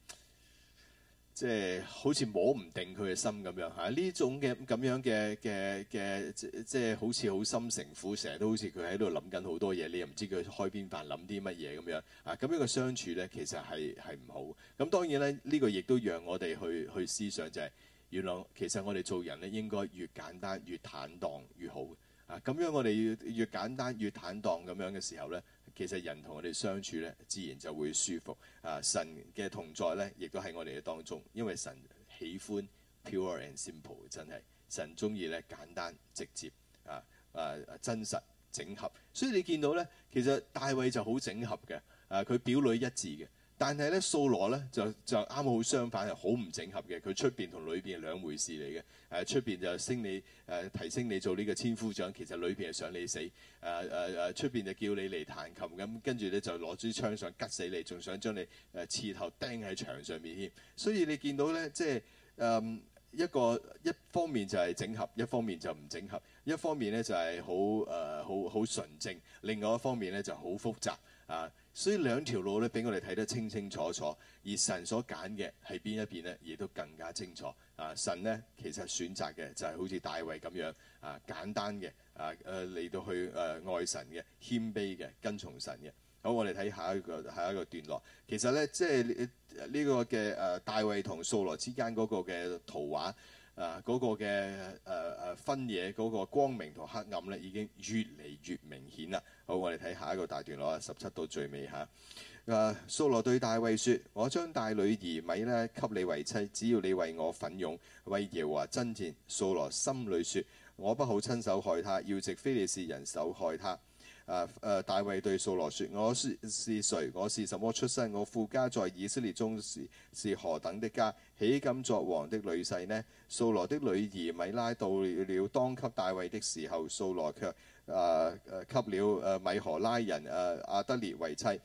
即係好似摸唔定佢嘅心咁樣吓，呢、啊、種嘅咁樣嘅嘅嘅，即即係好似好心城苦，成日都好似佢喺度諗緊好多嘢，你又唔知佢開邊飯諗啲乜嘢咁樣啊？咁樣嘅相處呢，其實係係唔好。咁、啊、當然呢，呢、這個亦都讓我哋去去思想就係、是、原來其實我哋做人呢應該越簡單越坦蕩越好啊！咁樣我哋越，越簡單越坦蕩咁樣嘅時候呢。其實人同我哋相處咧，自然就會舒服啊！神嘅同在咧，亦都喺我哋嘅當中，因為神喜歡 pure and simple，真係，神鍾意咧，簡單直接啊，啊，真實整合，所以你見到咧，其實大衛就好整合嘅啊，佢表裏一致嘅。但係咧，掃羅咧就就啱好相反，係好唔整合嘅。佢出邊同裏邊係兩回事嚟嘅。誒出邊就升你誒、呃、提升你做呢個千夫長，其實裏邊係想你死。誒誒誒出邊就叫你嚟彈琴，咁跟住咧就攞支啲槍上吉死你，仲想將你誒、呃、刺頭釘喺牆上面添。所以你見到咧，即係誒一個一方面就係整合，一方面就唔整合，一方面咧就係好誒好好純正，另外一方面咧就好複雜啊。所以兩條路咧，俾我哋睇得清清楚楚，而神所揀嘅係邊一邊咧，亦都更加清楚。啊，神咧其實選擇嘅就係、是、好似大衛咁樣，啊簡單嘅，啊誒嚟到去誒、啊、愛神嘅、謙卑嘅、跟從神嘅。好，我哋睇下一個下一個段落。其實咧，即係呢、這個嘅誒、啊、大衛同掃羅之間嗰個嘅圖畫。啊！嗰、那個嘅誒誒分野，嗰個光明同黑暗咧，已經越嚟越明顯啦。好，我哋睇下一個大段落啊，十七到最尾嚇。誒、啊，掃羅對大衛説：我將大女兒米咧給你為妻，只要你為我奮勇，為耶和華爭戰。掃羅心裡説：我不好親手害他，要藉非利士人手害他。Uh, uh, 大衛對掃羅説：我是是誰？我是什麼出身？我父家在以色列中是是何等的家？豈敢作王的女婿呢？掃羅的女兒米拉到了當給大衛的時候，掃羅卻。誒誒給了誒、啊、米何拉人誒、啊、亞得列為妻誒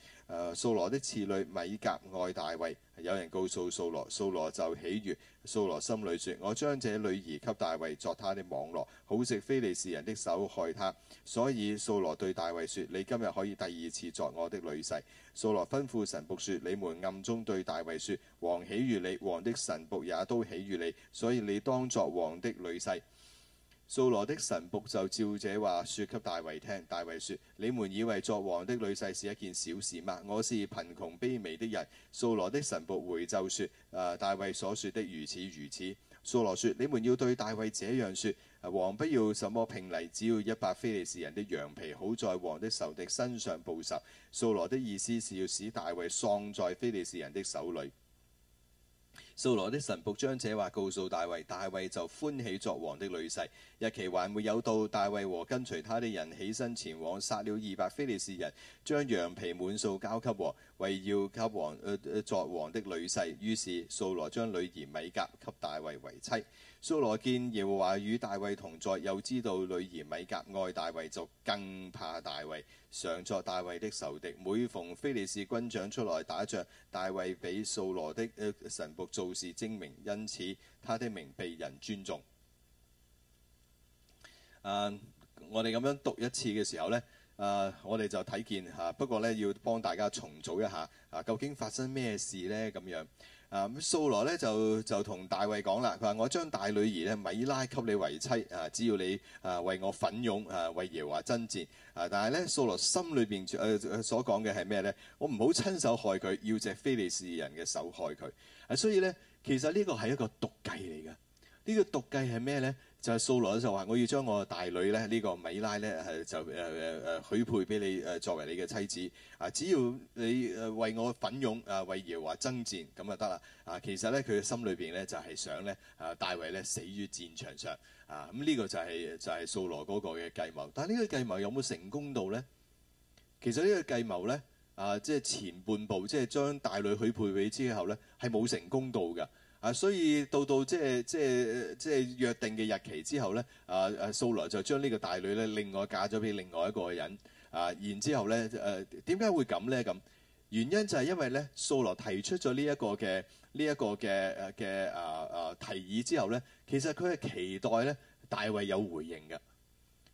掃、啊、羅的次女米甲愛大衛。有人告訴掃羅，掃羅就喜悅，掃羅心裏説：我將這女兒給大衛，作他的網羅，好藉非利士人的手害他。所以掃羅對大衛説：你今日可以第二次作我的女婿。掃羅吩咐神僕説：你們暗中對大衛説：王喜悅你，王的神僕也都喜悅你，所以你當作王的女婿。素羅的神僕就照這話說，說給大衛聽，大衛說：你們以為作王的女婿是一件小事嗎？我是貧窮卑微的人。素羅的神僕回奏說：啊，大衛所說的如此如此。素羅說：你們要對大衛這樣說、啊：王不要什麼聘禮，只要一百非利士人的羊皮，好在王的仇敵身上報仇。素羅的意思是要使大衛喪在非利士人的手裏。素來的神僕將這話告訴大衛，大衛就歡喜作王的女婿。日期還沒有到，大衛和跟隨他的人起身前往，殺了二百菲利士人，將羊皮滿數交給圍繞王，為要給王誒誒作王的女婿。於是素來將女兒米迦給大衛為妻。蘇羅見耶和華與大衛同在，又知道女兒米甲愛大衛，就更怕大衛常作大衛的仇敵。每逢非利士軍長出來打仗，大衛比蘇羅的臣僕做事精明，因此他的名被人尊重。Uh, 我哋咁樣讀一次嘅時候呢，uh, 我哋就睇見吓，不過呢，要幫大家重組一下啊，究竟發生咩事呢？咁樣？啊！掃羅咧就就同大衛講啦，佢話：我將大女兒咧米拉給你為妻啊！只要你啊為我奮勇啊為耶華爭戰啊！但係咧掃羅心裏邊誒所講嘅係咩咧？我唔好親手害佢，要隻非利士人嘅手害佢啊！所以咧，其實呢個係一個毒計嚟嘅。呢個毒計係咩咧？就係掃羅就話我要將我嘅大女咧，呢個米拉咧係就誒誒誒許配俾你誒作為你嘅妻子啊！只要你誒為我奮勇啊為耶和華爭戰咁就得啦啊！其實咧佢嘅心裏邊咧就係想咧啊大衛咧死於戰場上啊！咁呢個就係就係掃羅嗰個嘅計謀，但係呢個計謀有冇成功到咧？其實呢個計謀咧啊即係前半部即係將大女許配俾之後咧係冇成功到㗎。啊，所以到到即係即係即係約定嘅日期之後咧，啊啊，掃羅就將呢個大女咧另外嫁咗俾另外一個人啊，然之後咧誒點解會咁咧咁？原因就係因為咧掃羅提出咗呢一個嘅呢一個嘅誒嘅啊啊提議之後咧，其實佢係期待咧大衛有回應嘅。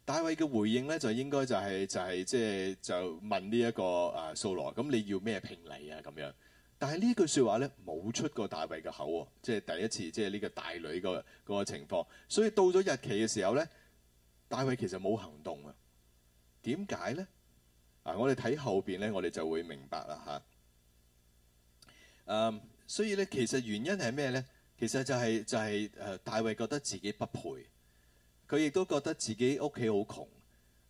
大衛嘅回應咧就應該就係、是、就係即係就問呢一個啊掃羅，咁你要咩聘禮啊咁樣。但係呢句説話咧，冇出過大衛嘅口喎，即係第一次，即係呢個大女個、嗰個情況。所以到咗日期嘅時候咧，大衛其實冇行動啊。點解咧？啊，我哋睇後邊咧，我哋就會明白啦吓，嗯、啊，所以咧，其實原因係咩咧？其實就係、係、就係誒，大衛覺得自己不配，佢亦都覺得自己屋企好窮，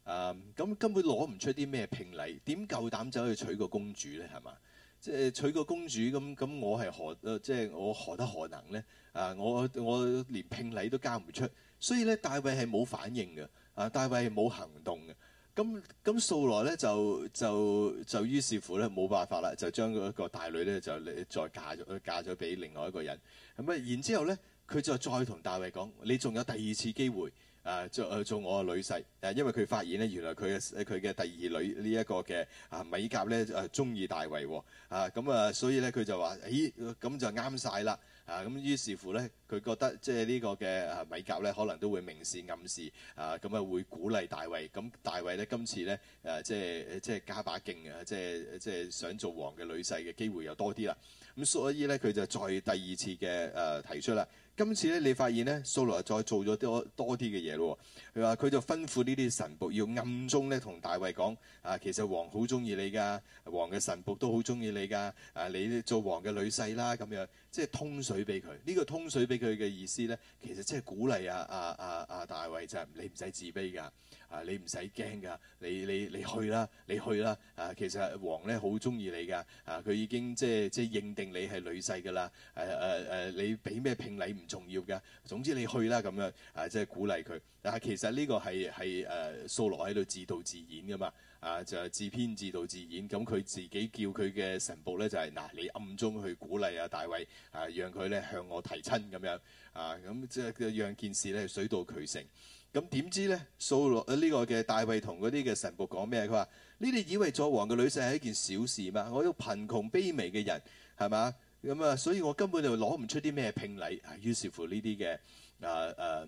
啊，咁根本攞唔出啲咩聘禮，點夠膽走去娶個公主咧？係嘛？即係娶個公主咁咁，我係何即係、就是、我何德何能呢？啊，我我連聘禮都交唔出，所以咧，大衛係冇反應嘅，啊，大衛係冇行動嘅。咁咁掃羅咧，就就就於是乎咧，冇辦法啦，就將嗰個大女咧就再嫁咗嫁咗俾另外一個人。咁啊，然之後咧，佢就再同大衛講：你仲有第二次機會。誒做誒做我嘅女婿誒，因為佢發現咧，原來佢嘅佢嘅第二女呢一個嘅啊米甲咧誒中意大衛喎，哦、啊咁啊、嗯，所以咧佢就話：咦，咁就啱晒啦啊！咁於是乎咧，佢覺得即係呢個嘅啊米甲咧，可能都會明示暗示啊，咁啊會鼓勵大衛。咁、啊、大衛咧今次咧誒、啊、即係即係加把勁啊！即係即係想做王嘅女婿嘅機會又多啲啦。咁、啊、所以咧，佢就再第二次嘅誒提出啦。今次咧，你發現咧，掃羅再做咗多多啲嘅嘢咯。佢話佢就吩咐呢啲神僕要暗中咧同大衛講：啊，其實王好中意你㗎，王嘅神僕都好中意你㗎。啊，你做王嘅女婿啦，咁樣即係通水俾佢。呢、這個通水俾佢嘅意思咧，其實即係鼓勵啊啊啊啊大衛就係你唔使自卑㗎。啊！你唔使驚噶，你你你去啦，你去啦！啊，其實王咧好中意你噶，啊，佢已經即係即係認定你係女婿噶啦，誒誒誒，你俾咩聘禮唔重要噶，總之你去啦咁樣，啊，即係鼓勵佢。但、啊、係其實呢個係係誒掃羅喺度自導自演噶嘛，啊，就係自編自導自演，咁、啊、佢自己叫佢嘅神僕咧就係、是、嗱、啊，你暗中去鼓勵啊大衛，啊，讓佢咧向我提親咁樣，啊，咁即係讓件事咧水到渠成。咁點知咧？掃羅呢個嘅大衛同嗰啲嘅神僕講咩？佢話：你哋以為作王嘅女婿係一件小事嘛。我一個貧窮卑微嘅人，係嘛？咁啊，所以我根本就攞唔出啲咩聘禮。於是乎呢啲嘅啊誒。呃呃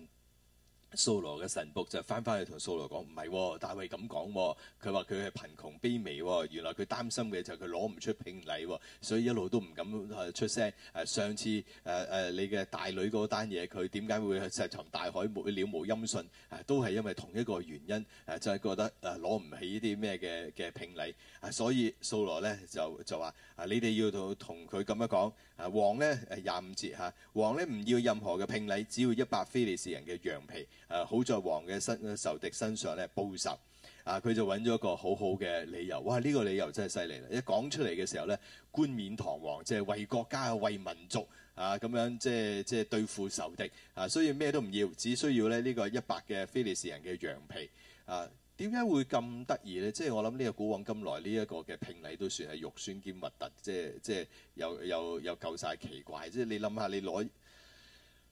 掃羅嘅神僕就返返去同掃羅講，唔係、哦，大衛咁講、哦，佢話佢係貧窮卑微、哦，原來佢擔心嘅就係佢攞唔出聘禮、哦，所以一路都唔敢出聲。誒、啊、上次誒誒、啊啊、你嘅大女嗰單嘢，佢點解會石沉大海、沒了無音訊？誒、啊、都係因為同一個原因，誒、啊、就係、是、覺得誒攞唔起呢啲咩嘅嘅聘禮、啊，所以掃羅咧就就話：誒、啊、你哋要同同佢咁樣講。啊，王咧係廿五節嚇、啊，王咧唔要任何嘅聘禮，只要一百非利士人嘅羊皮。啊，好在王嘅身仇敵身上咧，報仇啊，佢就揾咗一個好好嘅理由。哇，呢個理由真係犀利啦！一講出嚟嘅時候咧，冠冕堂皇，即係為國家、為民族啊，咁樣即係即係對付仇敵啊，所以咩都唔要，只需要咧呢個一百嘅非利士人嘅羊皮啊。點解會咁得意咧？即係我諗呢個古往今來呢一個嘅聘禮都算係肉酸兼核突，即係即係又又又夠晒奇怪。即係你諗下，你攞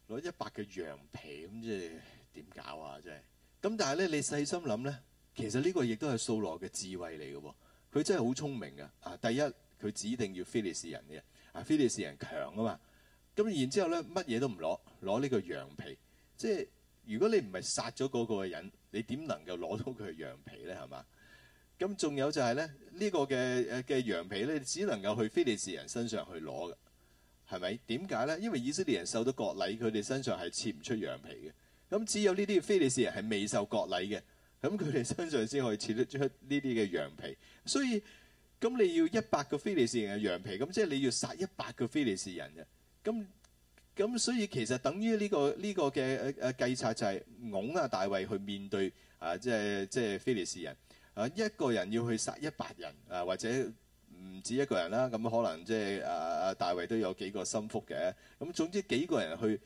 攞一百嘅羊皮，咁即係點搞啊？即係。咁但係咧，你細心諗咧，其實呢個亦都係掃羅嘅智慧嚟嘅喎。佢真係好聰明嘅。啊，第一佢指定要非利士人嘅，啊非利士人強啊嘛。咁然之後咧，乜嘢都唔攞，攞呢個羊皮，即係。如果你唔係殺咗嗰個人，你點能夠攞到佢嘅羊皮咧？係嘛？咁仲有就係咧，呢個嘅誒嘅羊皮咧，只能夠去非利士人身上去攞嘅，係咪？點解咧？因為以色列人受到割禮，佢哋身上係切唔出羊皮嘅。咁只有呢啲非利士人係未受割禮嘅，咁佢哋身上先可以切得出呢啲嘅羊皮。所以咁你要一百個非利士人嘅羊皮，咁即係你要殺一百個非利士人嘅。咁咁、嗯、所以其實等於呢、呢個呢、呢個嘅誒誒計策就係，翁啊，大衛去面對啊，即係即係非利士人啊，一個人要去殺一百人啊，或者唔止一個人啦。咁、啊、可能即係啊啊大衛都有幾個心腹嘅。咁、啊、總之幾個人去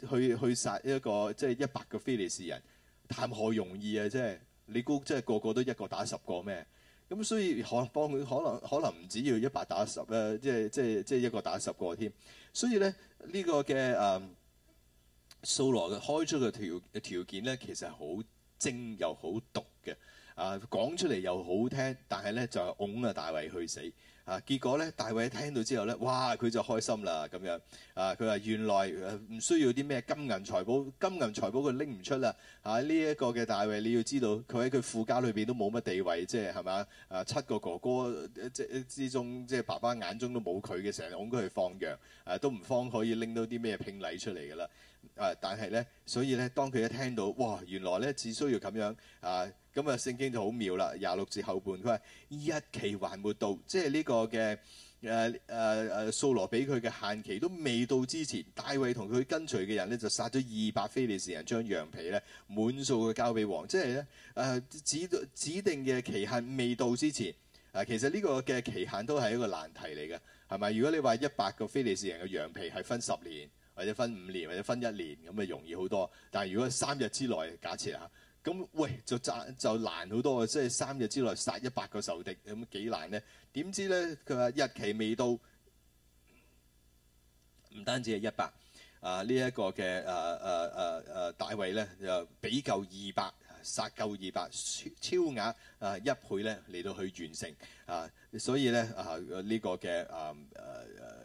去去，去殺一個即係一百個非利士人，談何容易啊！啊即係你估即係個個都一個打十個咩？咁、啊、所以可幫佢可能可能唔止要一百打十咧、啊，即係即係即係一個打十個添。所以咧。呢個嘅誒，掃羅開出嘅條條件咧，其實係好精又好毒嘅，啊講出嚟又好聽，但係咧就係㧬啊大衛去死。啊！結果咧，大衛聽到之後咧，哇！佢就開心啦咁樣啊！佢話原來唔需要啲咩金銀財寶，金銀財寶佢拎唔出啦。啊！呢、這、一個嘅大衛，你要知道，佢喺佢父家裏邊都冇乜地位，即係係嘛係咪啊？七個哥哥即，即之中，即係爸爸眼中都冇佢嘅，成日㧬佢去放羊，誒、啊、都唔方可以拎到啲咩聘禮出嚟㗎啦。啊！但係咧，所以咧，當佢一聽到，哇！原來咧，只需要咁樣啊，咁啊，聖經就好妙啦。廿六節後半，佢話一期還沒到，即係呢個嘅誒誒誒，掃、啊啊、羅俾佢嘅限期都未到之前，大衛同佢跟隨嘅人咧就殺咗二百非利士人，將羊皮咧滿數嘅交俾王，即係咧誒指指定嘅期限未到之前啊！其實呢個嘅期限都係一個難題嚟嘅，係咪？如果你話一百個非利士人嘅羊皮係分十年。或者分五年，或者分一年，咁咪容易好多。但係如果係三日之內，假設吓，咁喂就就難好多。即係三日之內殺一百個仇敵，咁幾難咧？點知咧？佢話日期未到，唔單止係一百，啊，啊，啊呢一個嘅誒誒誒誒大衛咧，就俾夠二百。殺夠二百超額啊一倍咧嚟到去完成啊，所以咧啊呢、這個嘅啊,啊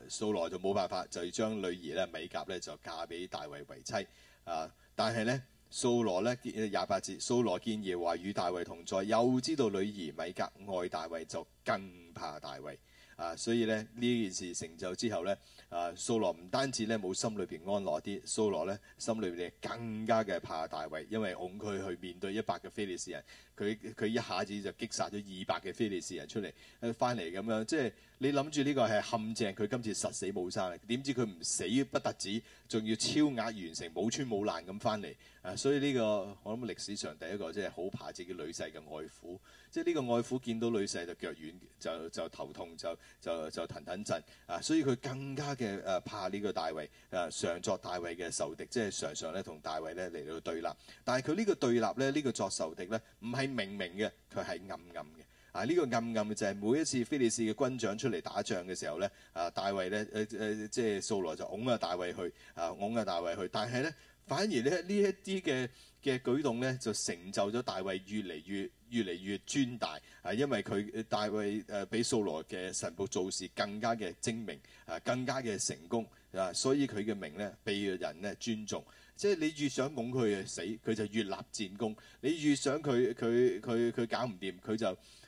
掃羅就冇辦法，就將女兒咧米甲咧就嫁俾大衛為妻啊，但係咧掃羅咧廿八節掃羅建議話與大衛同在，又知道女兒米甲愛大衛，就更怕大衛。啊，所以咧呢件事成就之後咧，啊，蘇羅唔單止咧冇心裏邊安樂啲，蘇羅咧心裏邊更加嘅怕大衛，因為恐懼去面對一百個非利士人。佢佢一下子就擊殺咗二百嘅非利士人出嚟，誒翻嚟咁樣，即係你諗住呢個係陷阱，佢今次實死冇生，點知佢唔死不特止，仲要超額完成冇穿冇爛咁翻嚟，啊！所以呢個我諗歷史上第一個即係好怕自己女婿嘅外父，即係呢個外父見到女婿就腳軟，就就，就頭痛，就就就騰騰震，啊！所以佢更加嘅誒怕呢個大衛，誒、啊、常作大衛嘅仇敵，即係常常咧同大衛咧嚟到對立，但係佢呢個對立咧，呢個作仇敵咧，唔係，明明嘅，佢係暗暗嘅。啊，呢、這個暗暗嘅就係每一次非利士嘅軍長出嚟打仗嘅時候咧，啊大衛咧，誒、呃、誒、呃，即係掃羅就拱啊大衛去，啊拱啊大衛去。但係咧，反而咧呢一啲嘅嘅舉動咧，就成就咗大衛越嚟越越嚟越尊大。啊，因為佢大衛誒、啊、比掃羅嘅神僕做事更加嘅精明，啊更加嘅成功啊，所以佢嘅名咧，俾人咧尊重。即係你越想拱佢死，佢就越立戰功；你越想佢佢佢佢搞唔掂，佢就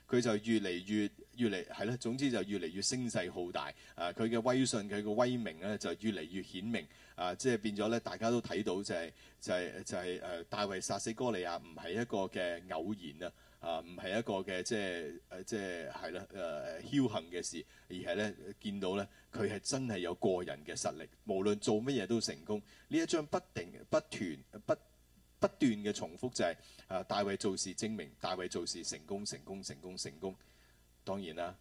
佢就越嚟越越嚟係咧。總之就越嚟越聲勢浩大啊！呃，佢嘅威信、佢嘅威名咧，就越嚟越顯明啊、呃！即係變咗咧，大家都睇到就係、是、就係、是、就係、是、誒、呃，大衛殺死哥利亞唔係一個嘅偶然啊！啊，唔係、呃、一個嘅即係誒，即係係啦，誒、呃、僥倖嘅事，而係咧見到咧佢係真係有個人嘅實力，無論做乜嘢都成功。呢一章不，不停、不斷、不不斷嘅重複就係、是、啊、呃，大衛做事精明，大衛做事成功，成功、成功、成功、成功。當然啦，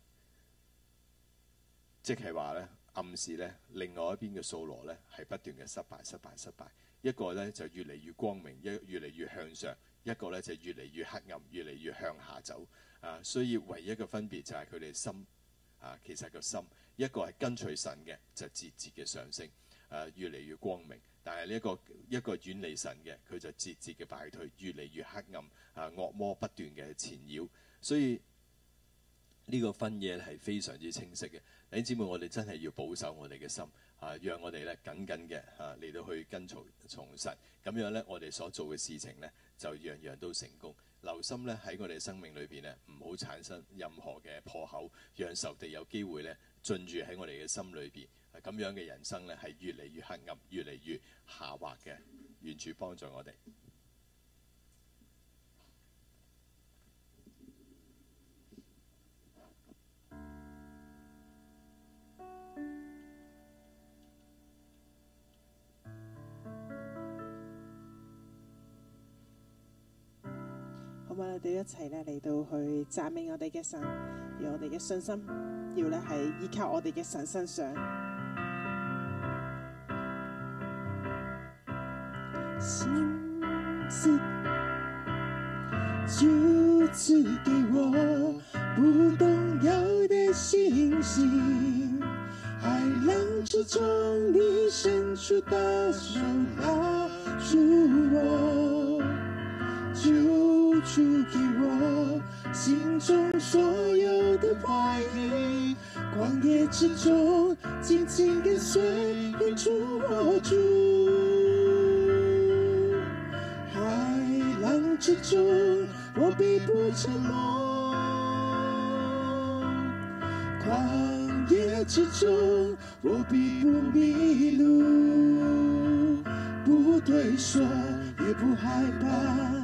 即係話咧暗示咧，另外一邊嘅掃羅咧係不斷嘅失敗、失敗、失敗。一個咧就越嚟越光明，一越嚟越向上。一個咧就越嚟越黑暗，越嚟越向下走啊！所以唯一嘅分別就係佢哋心啊，其實個心一個係跟隨神嘅，就節節嘅上升啊，越嚟越光明；但係呢一個一個遠離神嘅，佢就節節嘅敗退，越嚟越黑暗啊，惡魔不斷嘅纏繞。所以呢個分野係非常之清晰嘅，弟兄姊妹，我哋真係要保守我哋嘅心。啊，讓我哋咧緊緊嘅嚇嚟到去跟從重神，咁樣咧我哋所做嘅事情咧就樣樣都成功。留心咧喺我哋生命裏邊咧，唔好產生任何嘅破口，讓仇敵有機會咧進駐喺我哋嘅心裏邊。咁、啊、樣嘅人生咧係越嚟越黑暗，越嚟越下滑嘅，完全幫助我哋。我哋一齊咧嚟到去讚美我哋嘅神，而我哋嘅信心要咧係依靠我哋嘅神身上。主賜給我不動搖的信心，海浪之中你伸出的手就住給我心中所有的快樂，曠野之中，緊緊跟隨，燃出火燭。海浪之中，我並不沉默。曠野之中，我並不迷路，不退縮，也不害怕。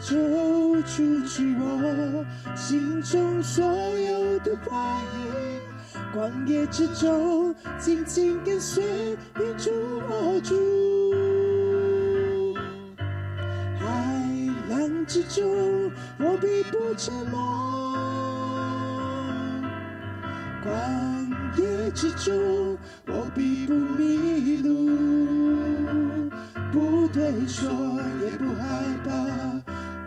走出去我心中所有的懷疑，曠野之中緊緊跟隨你腳步，海浪之中我必不沉默，曠野之中我必不迷路，不退縮也不害怕。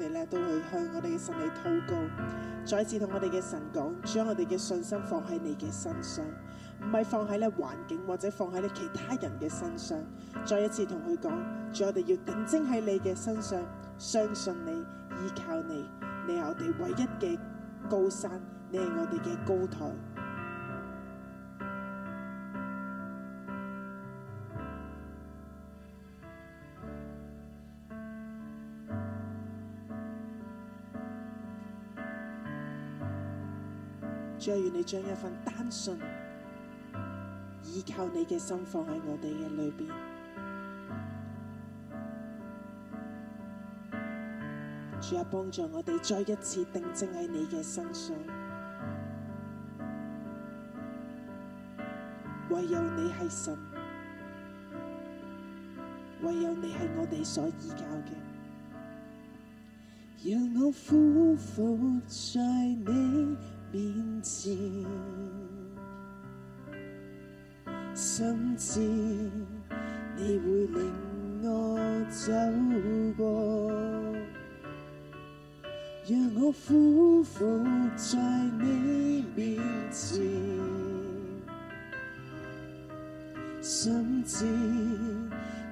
我哋咧都去向我哋嘅神嚟禱告，再一次同我哋嘅神講，將我哋嘅信心放喺你嘅身上，唔係放喺咧環境或者放喺你其他人嘅身上。再一次同佢講，叫我哋要定睛喺你嘅身上，相信你，依靠你，你係我哋唯一嘅高山，你係我哋嘅高台。願你將一份單純依靠你嘅心放喺我哋嘅裏邊，主啊，幫助我哋再一次定睛喺你嘅身上，唯有你係神，唯有你係我哋所依靠嘅，讓我俯伏在你。面前，甚至你會領我走過，讓我匍匐在你面前，甚至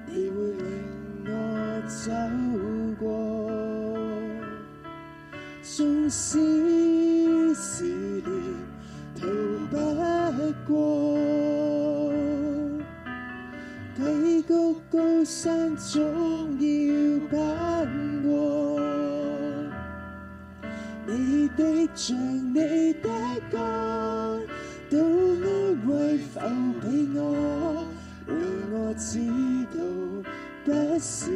你會領我走過，縱使，試煉逃不過，低谷高山總要攀過。你的像你的歌，都安慰否俾我，讓我知道不是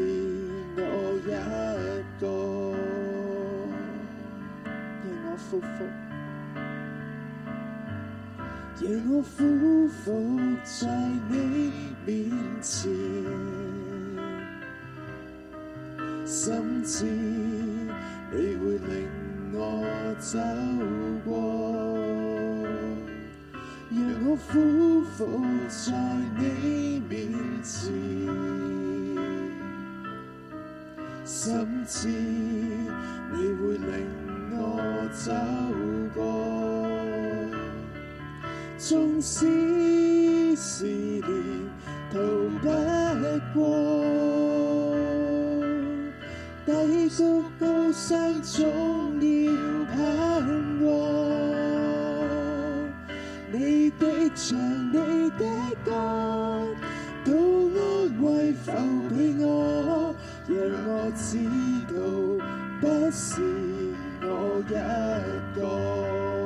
我一個，讓我復復讓我俯伏在你面前，甚至你會令我走過。讓我俯伏在你面前，甚至你會令我走過。縱使時年逃不過，低谷高山總要攀過。你的杖，你的竿，都安慰否俾我，讓我知道不是我一個。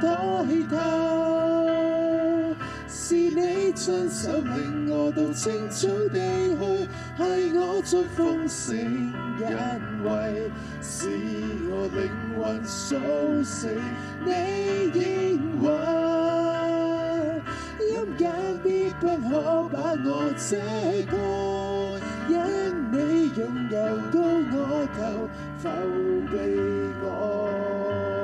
抬頭，是你親手領我到青草地去，係我觸風聲，因為是我靈魂蘇醒。你應允，陰間必不可把我遮蓋，因你擁有高我頭，伏避我。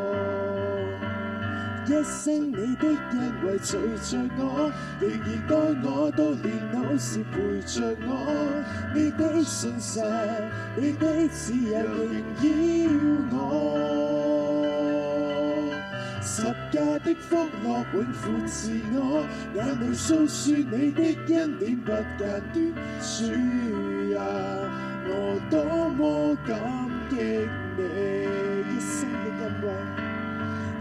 一生你的恩惠隨着我，仍然當我到年老時陪着我。你的信實，你的慈愛仍妖我，十架的福樂永扶持我，眼淚訴説你的恩典不間斷。主呀，我多麼感激你一生的恩惠。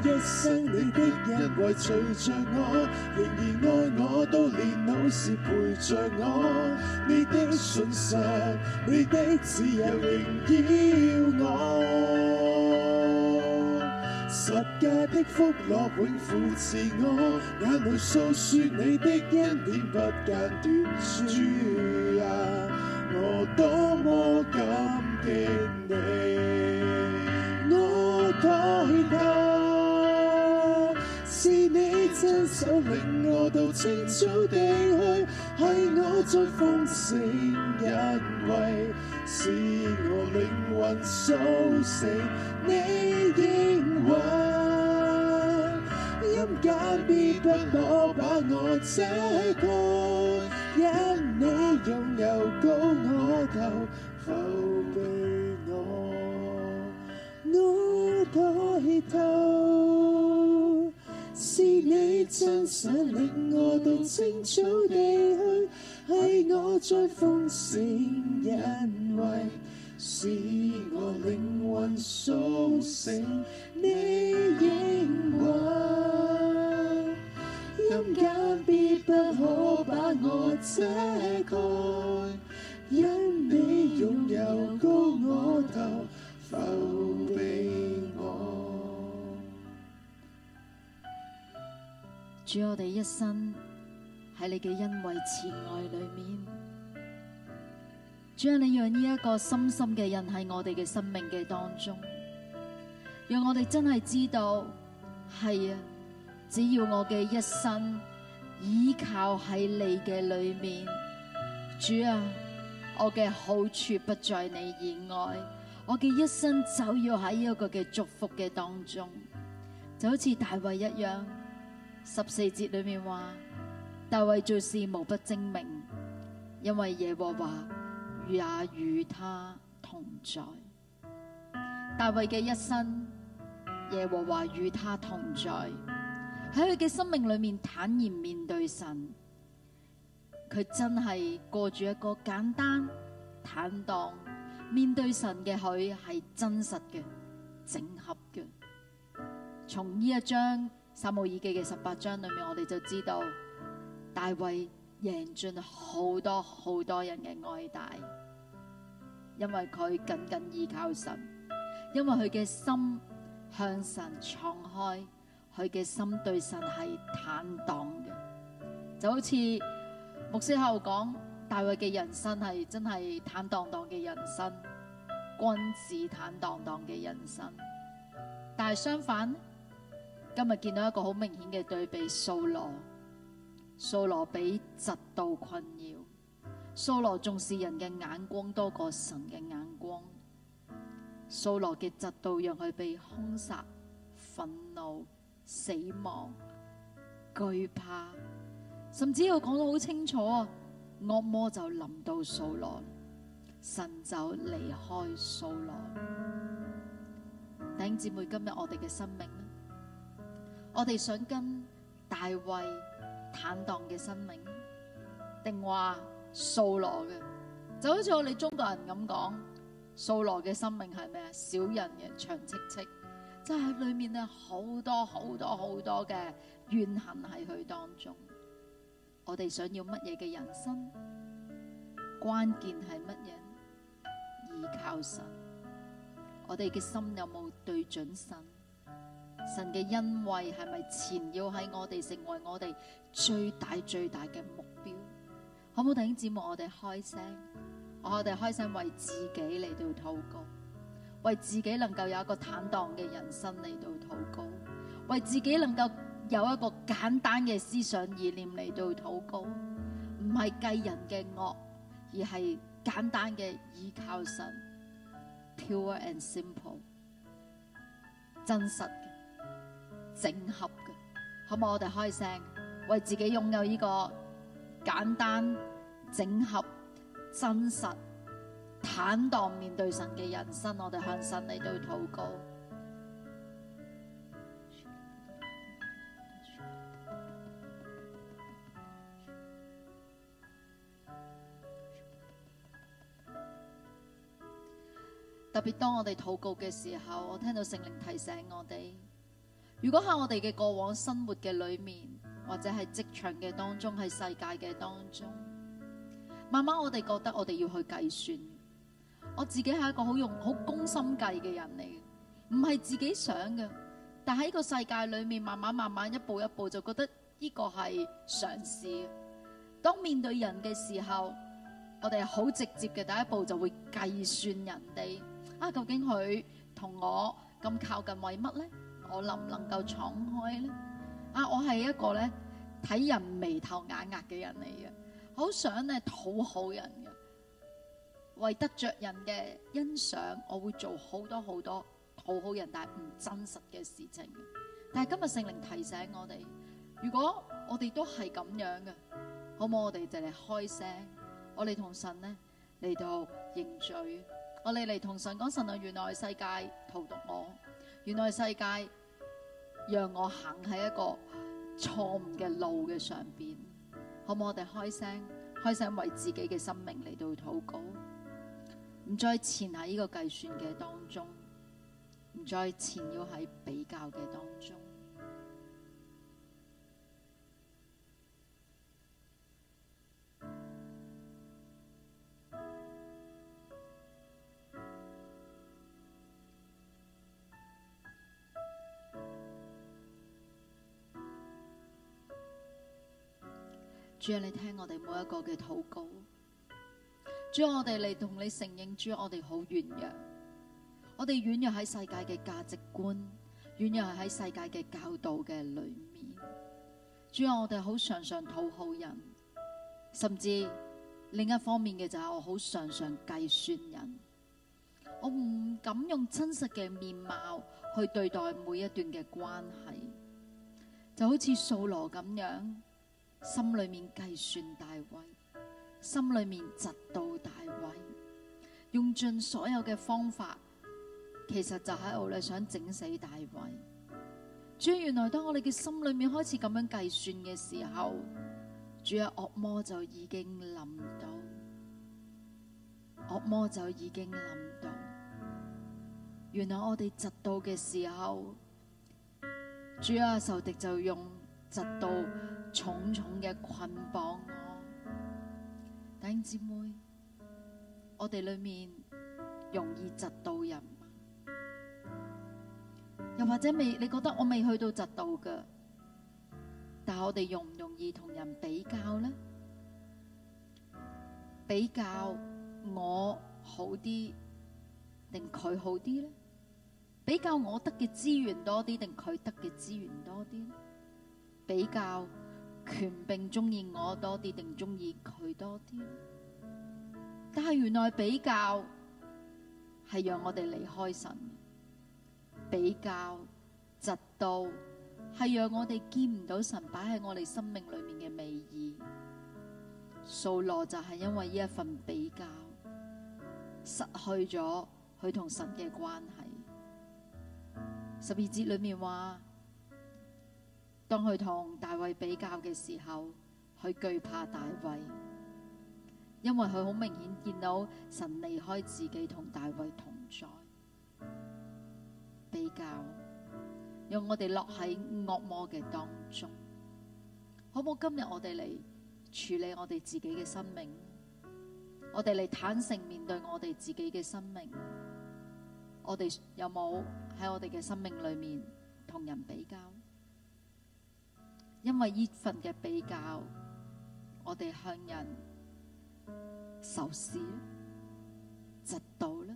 一生你的恩惠隨着我，仍然而愛我到年老時陪着我，你的信實，你的只有縈繞我，實價的福樂永付自我，眼淚訴説你的一點不間斷，主啊，我多麼感激你，我睇到。伸手領我到青草地去，係我追風勝人威，是我靈魂甦醒，你應允。陰間必不可把我遮蓋，因你用油膏我頭，逃避我我袋頭。是你真想令我到青草地去，替我再豐盛恩惠，使我靈魂蘇醒。你應允，陰間必不可把我遮蓋，因你擁有高我頭浮，福杯。主我哋一生喺你嘅恩惠慈愛裏面，主啊，你讓呢一個深深嘅印喺我哋嘅生命嘅當中，讓我哋真係知道，係啊，只要我嘅一生倚靠喺你嘅裏面，主啊，我嘅好處不在你以外，我嘅一生就要喺呢一個嘅祝福嘅當中，就好似大衛一樣。十四節裏面話：大衛做事無不精明，因為耶和華與也與他同在。大衛嘅一生，耶和華與他同在。喺佢嘅生命裏面，坦然面對神，佢真係過住一個簡單、坦蕩面對神嘅佢，係真實嘅、整合嘅。從呢一章。撒母耳記嘅十八章裏面，我哋就知道大衛贏盡好多好多人嘅愛戴，因為佢緊緊依靠神，因為佢嘅心向神敞開，佢嘅心對神係坦蕩嘅，就好似牧師喺度講，大衛嘅人生係真係坦蕩蕩嘅人生，君子坦蕩蕩嘅人生，但係相反。今日見到一個好明顯嘅對比，掃羅，掃羅俾嫉妒困擾，掃羅重視人嘅眼光多過神嘅眼光，掃羅嘅嫉妒讓佢被兇殺、憤怒、死亡、懼怕，甚至要講得好清楚啊，惡魔就臨到掃羅，神就離開掃羅。弟兄姊妹，今日我哋嘅生命我哋想跟大衛坦蕩嘅生命，定話掃羅嘅？就好似我哋中國人咁講，掃羅嘅生命係咩啊？小人嘅長戚戚，即係裏面咧好多好多好多嘅怨恨喺佢當中。我哋想要乜嘢嘅人生？關鍵係乜嘢？依靠神，我哋嘅心有冇對準神？神嘅恩惠係咪前要喺我哋成為我哋最大最大嘅目標？可唔可以節目？我哋開聲，我哋開聲為自己嚟到禱告，為自己能夠有一個坦蕩嘅人生嚟到禱告，為自己能夠有一個簡單嘅思想意念嚟到禱告，唔係計人嘅惡，而係簡單嘅依靠神，pure and simple，真實。整合嘅，好唔好，我哋開聲，為自己擁有呢個簡單、整合、真實、坦蕩面對神嘅人生，我哋向神嚟都要禱告。 (noise) 特別當我哋禱告嘅時候，我聽到聖靈提醒我哋。如果喺我哋嘅過往生活嘅裏面，或者係職場嘅當中，係世界嘅當中，慢慢我哋覺得我哋要去計算。我自己係一個好用、好攻心計嘅人嚟嘅，唔係自己想嘅。但係呢個世界裏面，慢慢、慢慢、一步一步，就覺得呢個係嘗試。當面對人嘅時候，我哋好直接嘅，第一步就會計算人哋啊，究竟佢同我咁靠近為乜咧？我能唔能夠敞開咧？啊，我係一個咧睇人眉頭眼額嘅人嚟嘅，好想咧討好人嘅，為得着人嘅欣賞，我會做好多好多討好人但係唔真實嘅事情。但係今日聖靈提醒我哋，如果我哋都係咁樣嘅，好唔好？我哋就嚟開聲，我哋同神咧嚟到認罪。我哋嚟同神講，神啊，原來世界荼毒我，原來世界。讓我行喺一個錯誤嘅路嘅上邊，好唔好？我哋開聲，開聲為自己嘅生命嚟到禱告，唔再纏喺呢個計算嘅當中，唔再纏繞喺比較嘅當中。主，你聽我哋每一個嘅禱告。主，我哋嚟同你承認，主，我哋好軟弱，我哋軟弱喺世界嘅價值觀，軟弱係喺世界嘅教導嘅裏面。主，我哋好常常討好人，甚至另一方面嘅就係我好常常計算人。我唔敢用真實嘅面貌去對待每一段嘅關係，就好似掃羅咁樣。心裏面計算大衛，心裏面嫉妒大衛，用盡所有嘅方法，其實就喺我哋想整死大衛。主，原來當我哋嘅心裏面開始咁樣計算嘅時候，主啊，惡魔就已經臨到，惡魔就已經臨到。原來我哋嫉妒嘅時候，主啊，仇敵就用窒到重重嘅捆綁我，弟兄姊妹，我哋裏面容易窒到人，又或者未你覺得我未去到窒到嘅，但係我哋容唔容易同人比較呢？比較我好啲，定佢好啲呢？比較我得嘅資源多啲，定佢得嘅資源多啲？比較權柄，中意我多啲定中意佢多啲？但係原來比較係讓我哋離開神，比較嫉妒係讓我哋見唔到神擺喺我哋生命裏面嘅美意。掃羅就係因為呢一份比較，失去咗佢同神嘅關係。十二節裏面話。當佢同大衛比較嘅時候，佢懼怕大衛，因為佢好明顯見到神離開自己，同大衛同在比較，讓我哋落喺惡魔嘅當中。可唔可以今日我哋嚟處理我哋自己嘅生命，我哋嚟坦誠面對我哋自己嘅生命，我哋有冇喺我哋嘅生命裏面同人比較？因為呢份嘅比較，我哋向人仇視咧，嫉妒咧，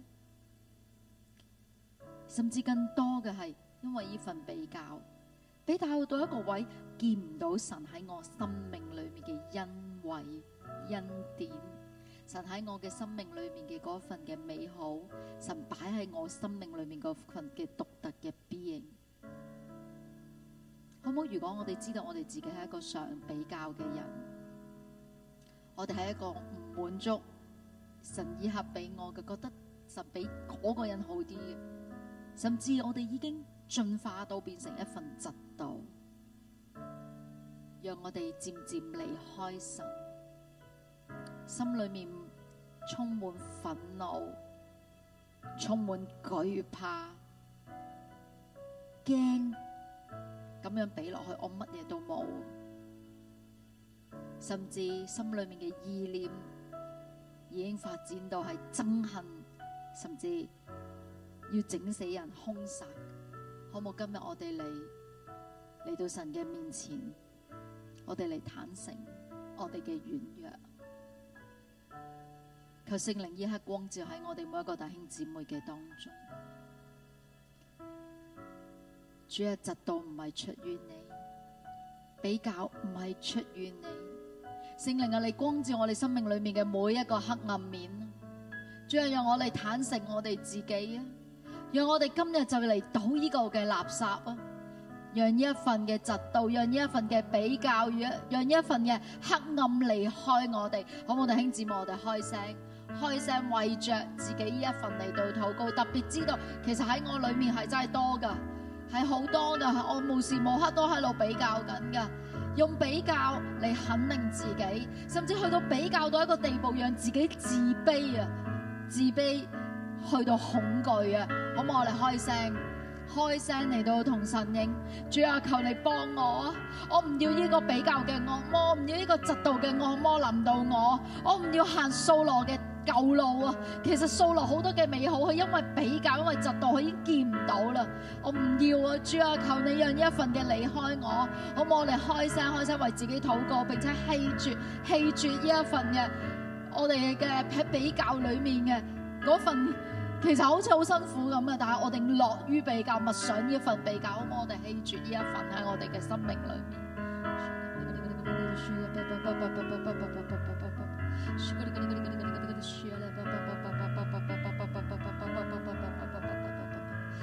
甚至更多嘅係，因為呢份比較，俾帶去到一個位，見唔到神喺我生命裏面嘅恩惠、恩典，神喺我嘅生命裏面嘅嗰份嘅美好，神擺喺我生命裏面嗰份嘅獨特嘅 being。可唔可以？如果我哋知道我哋自己係一個常比較嘅人，我哋係一個唔滿足神意合俾我嘅，覺得神俾嗰個人好啲，甚至我哋已經進化到變成一份嫉妒，讓我哋漸漸離開神，心裏面充滿憤怒，充滿懼怕，驚。咁樣比落去，我乜嘢都冇，甚至心裏面嘅意念已經發展到係憎恨，甚至要整死人、兇殺，可冇？今日我哋嚟嚟到神嘅面前，我哋嚟坦誠我哋嘅軟弱，求聖靈依刻光照喺我哋每一個弟兄姊妹嘅當中。主啊，嫉妒唔係出於你，比較唔係出於你，聖靈啊，你光照我哋生命裏面嘅每一個黑暗面。主啊，讓我哋坦誠我哋自己啊，讓我哋今日就嚟倒呢個嘅垃圾啊，讓呢一份嘅嫉妒，讓呢一份嘅比較，讓呢一份嘅黑暗離開我哋。好唔好啊，弟兄姊妹，我哋開聲，開聲為着自己呢一份嚟到禱告，特別知道其實喺我裡面係真係多噶。係好多噶，我無時無刻都喺度比較緊噶，用比較嚟肯定自己，甚至去到比較到一個地步，讓自己自卑啊，自卑去到恐懼啊。咁我哋開聲，開聲嚟到同神應，主啊，求你幫我，我唔要呢個比較嘅惡魔，唔要呢個嫉妒嘅惡魔。臨到我，我唔要行數落嘅。舊路啊，其實掃落好多嘅美好，佢因為比較，因為嫉妒，佢已經見唔到啦。我唔要啊，主啊，求你讓呢一份嘅離開我。咁我哋開聲開心為自己禱告，並且棄絕棄絕呢一份嘅，我哋嘅喺比較裏面嘅嗰份，其實好似好辛苦咁啊！但係我哋樂於比較，勿想呢一份比較，咁我哋棄絕呢一份喺我哋嘅生命裏面。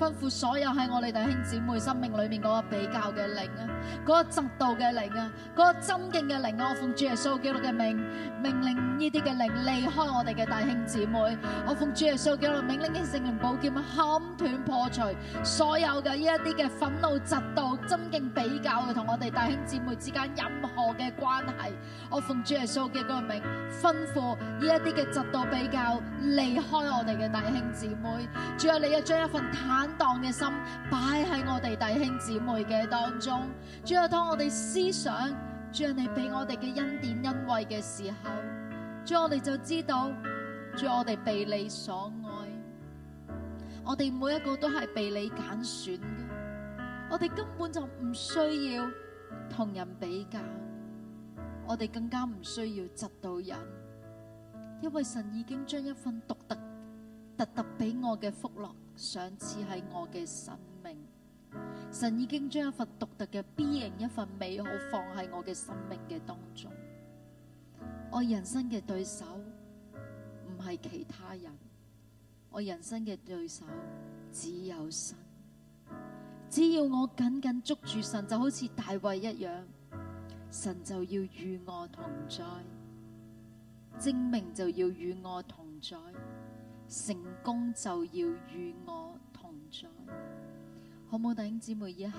吩咐所有喺我哋弟兄姊妹生命裏面嗰個比較嘅靈啊，嗰個嫉妒嘅靈啊，嗰個爭競嘅靈啊，我奉主耶穌基督嘅命命令呢啲嘅靈離開我哋嘅弟兄姊妹。我奉主耶穌基督嘅命令啲聖靈寶劍砍斷破除所有嘅呢一啲嘅憤怒、嫉妒、爭競、比較嘅同我哋弟兄姊妹之間任何嘅關係。我奉主耶穌基督嘅命，吩咐呢一啲嘅嫉妒比較離開我哋嘅弟兄姊妹。主啊，你又將一份坦當嘅心擺喺我哋弟兄姊妹嘅當中，主要當我哋思想將你俾我哋嘅恩典恩惠嘅時候，主，我哋就知道，主，我哋被你所愛，我哋每一個都係被你揀選嘅，我哋根本就唔需要同人比較，我哋更加唔需要窒到人，因為神已經將一份獨特、特特俾我嘅福樂。想賞賜喺我嘅生命，神已經將一份獨特嘅 B 型一份美好放喺我嘅生命嘅當中。我人生嘅對手唔係其他人，我人生嘅對手只有神。只要我緊緊捉住神，就好似大衛一樣，神就要與我同在，精明就要與我同在。成功就要與我同在，好唔好？弟兄姊妹，呢一刻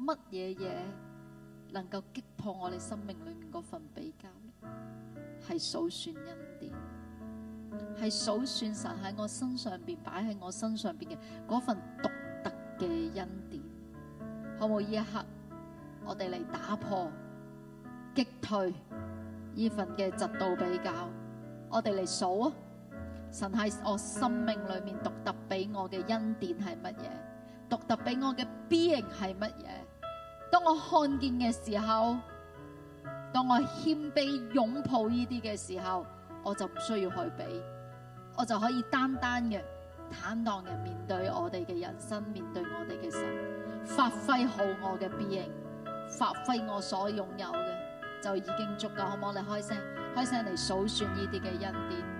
乜嘢嘢能夠擊破我哋生命裏面嗰份比較？係數算恩典，係數算神喺我身上邊擺喺我身上邊嘅嗰份獨特嘅恩典。可唔可以，呢一刻我哋嚟打破、擊退呢份嘅嫉妒比較，我哋嚟數啊！神喺我生命裏面獨特俾我嘅恩典係乜嘢？獨特俾我嘅 B 型係乜嘢？當我看見嘅時候，當我謙卑擁抱呢啲嘅時候，我就唔需要去比，我就可以單單嘅、坦蕩嘅面對我哋嘅人生，面對我哋嘅神，發揮好我嘅 B 型，發揮我所擁有嘅就已經足夠，好唔好？你開聲，開聲嚟數算呢啲嘅恩典。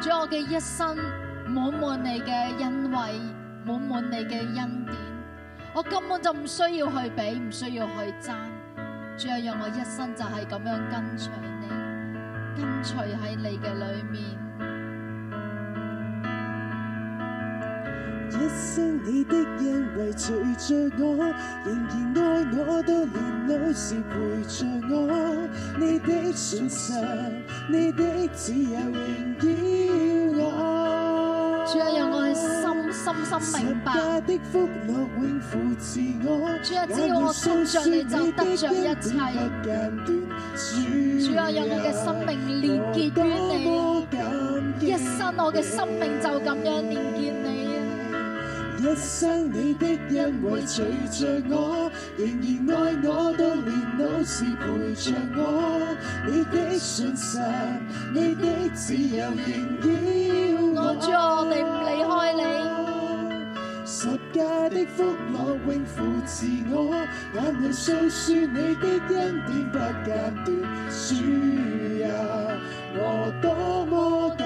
將我嘅一生滿滿你嘅恩惠，滿滿你嘅恩典，我根本就唔需要去比，唔需要去爭，主啊，讓我一生就係咁樣跟隨你，跟隨喺你嘅裏面。一生你的恩惠隨着我，仍然愛我到年老時陪着我。你的信實，你的只有榮耀我。主啊，讓我的心深深明白。十架的福樂，永扶持我。主啊，只要我得着你，就得着一切。主啊，讓我嘅生命連結於你。我我一生我嘅生命就咁樣連結你。一生你的恩惠隨着我，仍然愛我，到年老時陪着我。你的信實，你的自由仍叫我。我祝我哋唔離開你。十架的福樂永扶持我，眼淚訴說你的恩典不間斷，主啊，我多麼。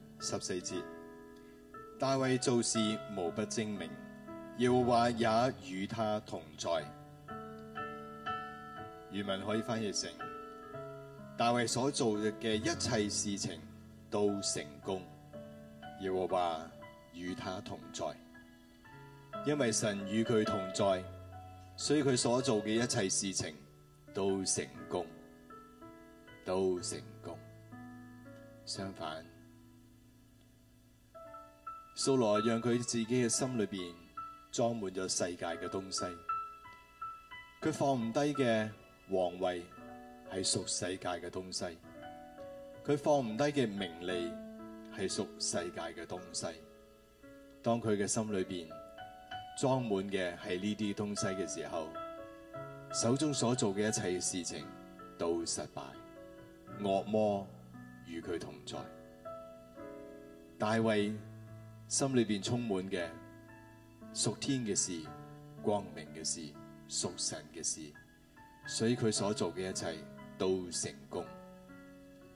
十四節，大衛做事無不精明，耶和華也與他同在。原文可以翻譯成：大衛所做嘅一切事情都成功，耶和華與他同在。因為神與佢同在，所以佢所做嘅一切事情都成功，都成功。相反。掃羅讓佢自己嘅心裏邊裝滿咗世界嘅東西，佢放唔低嘅皇位係屬世界嘅東西，佢放唔低嘅名利係屬世界嘅東西。當佢嘅心裏邊裝滿嘅係呢啲東西嘅時候，手中所做嘅一切事情都失敗，惡魔與佢同在。大衛。心裏邊充滿嘅屬天嘅事、光明嘅事、屬神嘅事，所以佢所做嘅一切都成功。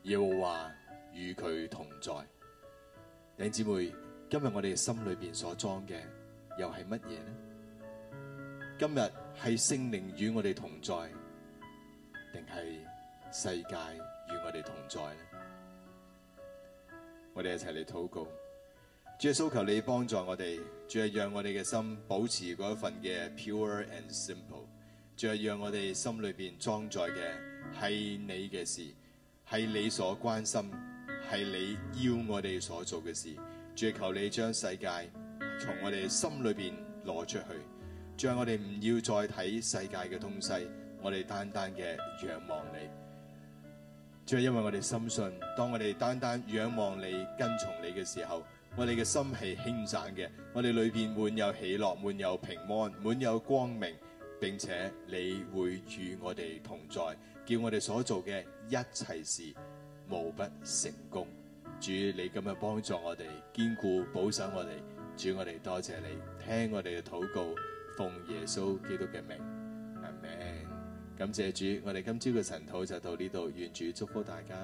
耶和華與佢同在。弟兄姊妹，今日我哋心裏邊所裝嘅又係乜嘢呢？今日係聖靈與我哋同在，定係世界與我哋同在呢？我哋一齊嚟禱告。主啊，求你幫助我哋，主啊，讓我哋嘅心保持嗰一份嘅 pure and simple。主啊，讓我哋心裏邊裝載嘅係你嘅事，係你所關心，係你要我哋所做嘅事。主啊，求你將世界從我哋心裏邊攞出去。主啊，我哋唔要再睇世界嘅東西，我哋單單嘅仰望你。主啊，因為我哋深信，當我哋單單仰望你、跟從你嘅時候。我哋嘅心係輕省嘅，我哋裏邊滿有喜樂，滿有平安，滿有光明，並且你會與我哋同在，叫我哋所做嘅一切事無不成功。主，你咁樣幫助我哋，堅固保守我哋。主，我哋多謝你，聽我哋嘅禱告，奉耶穌基督嘅名，Amen，感謝主，我哋今朝嘅晨禱就到呢度，願主祝福大家。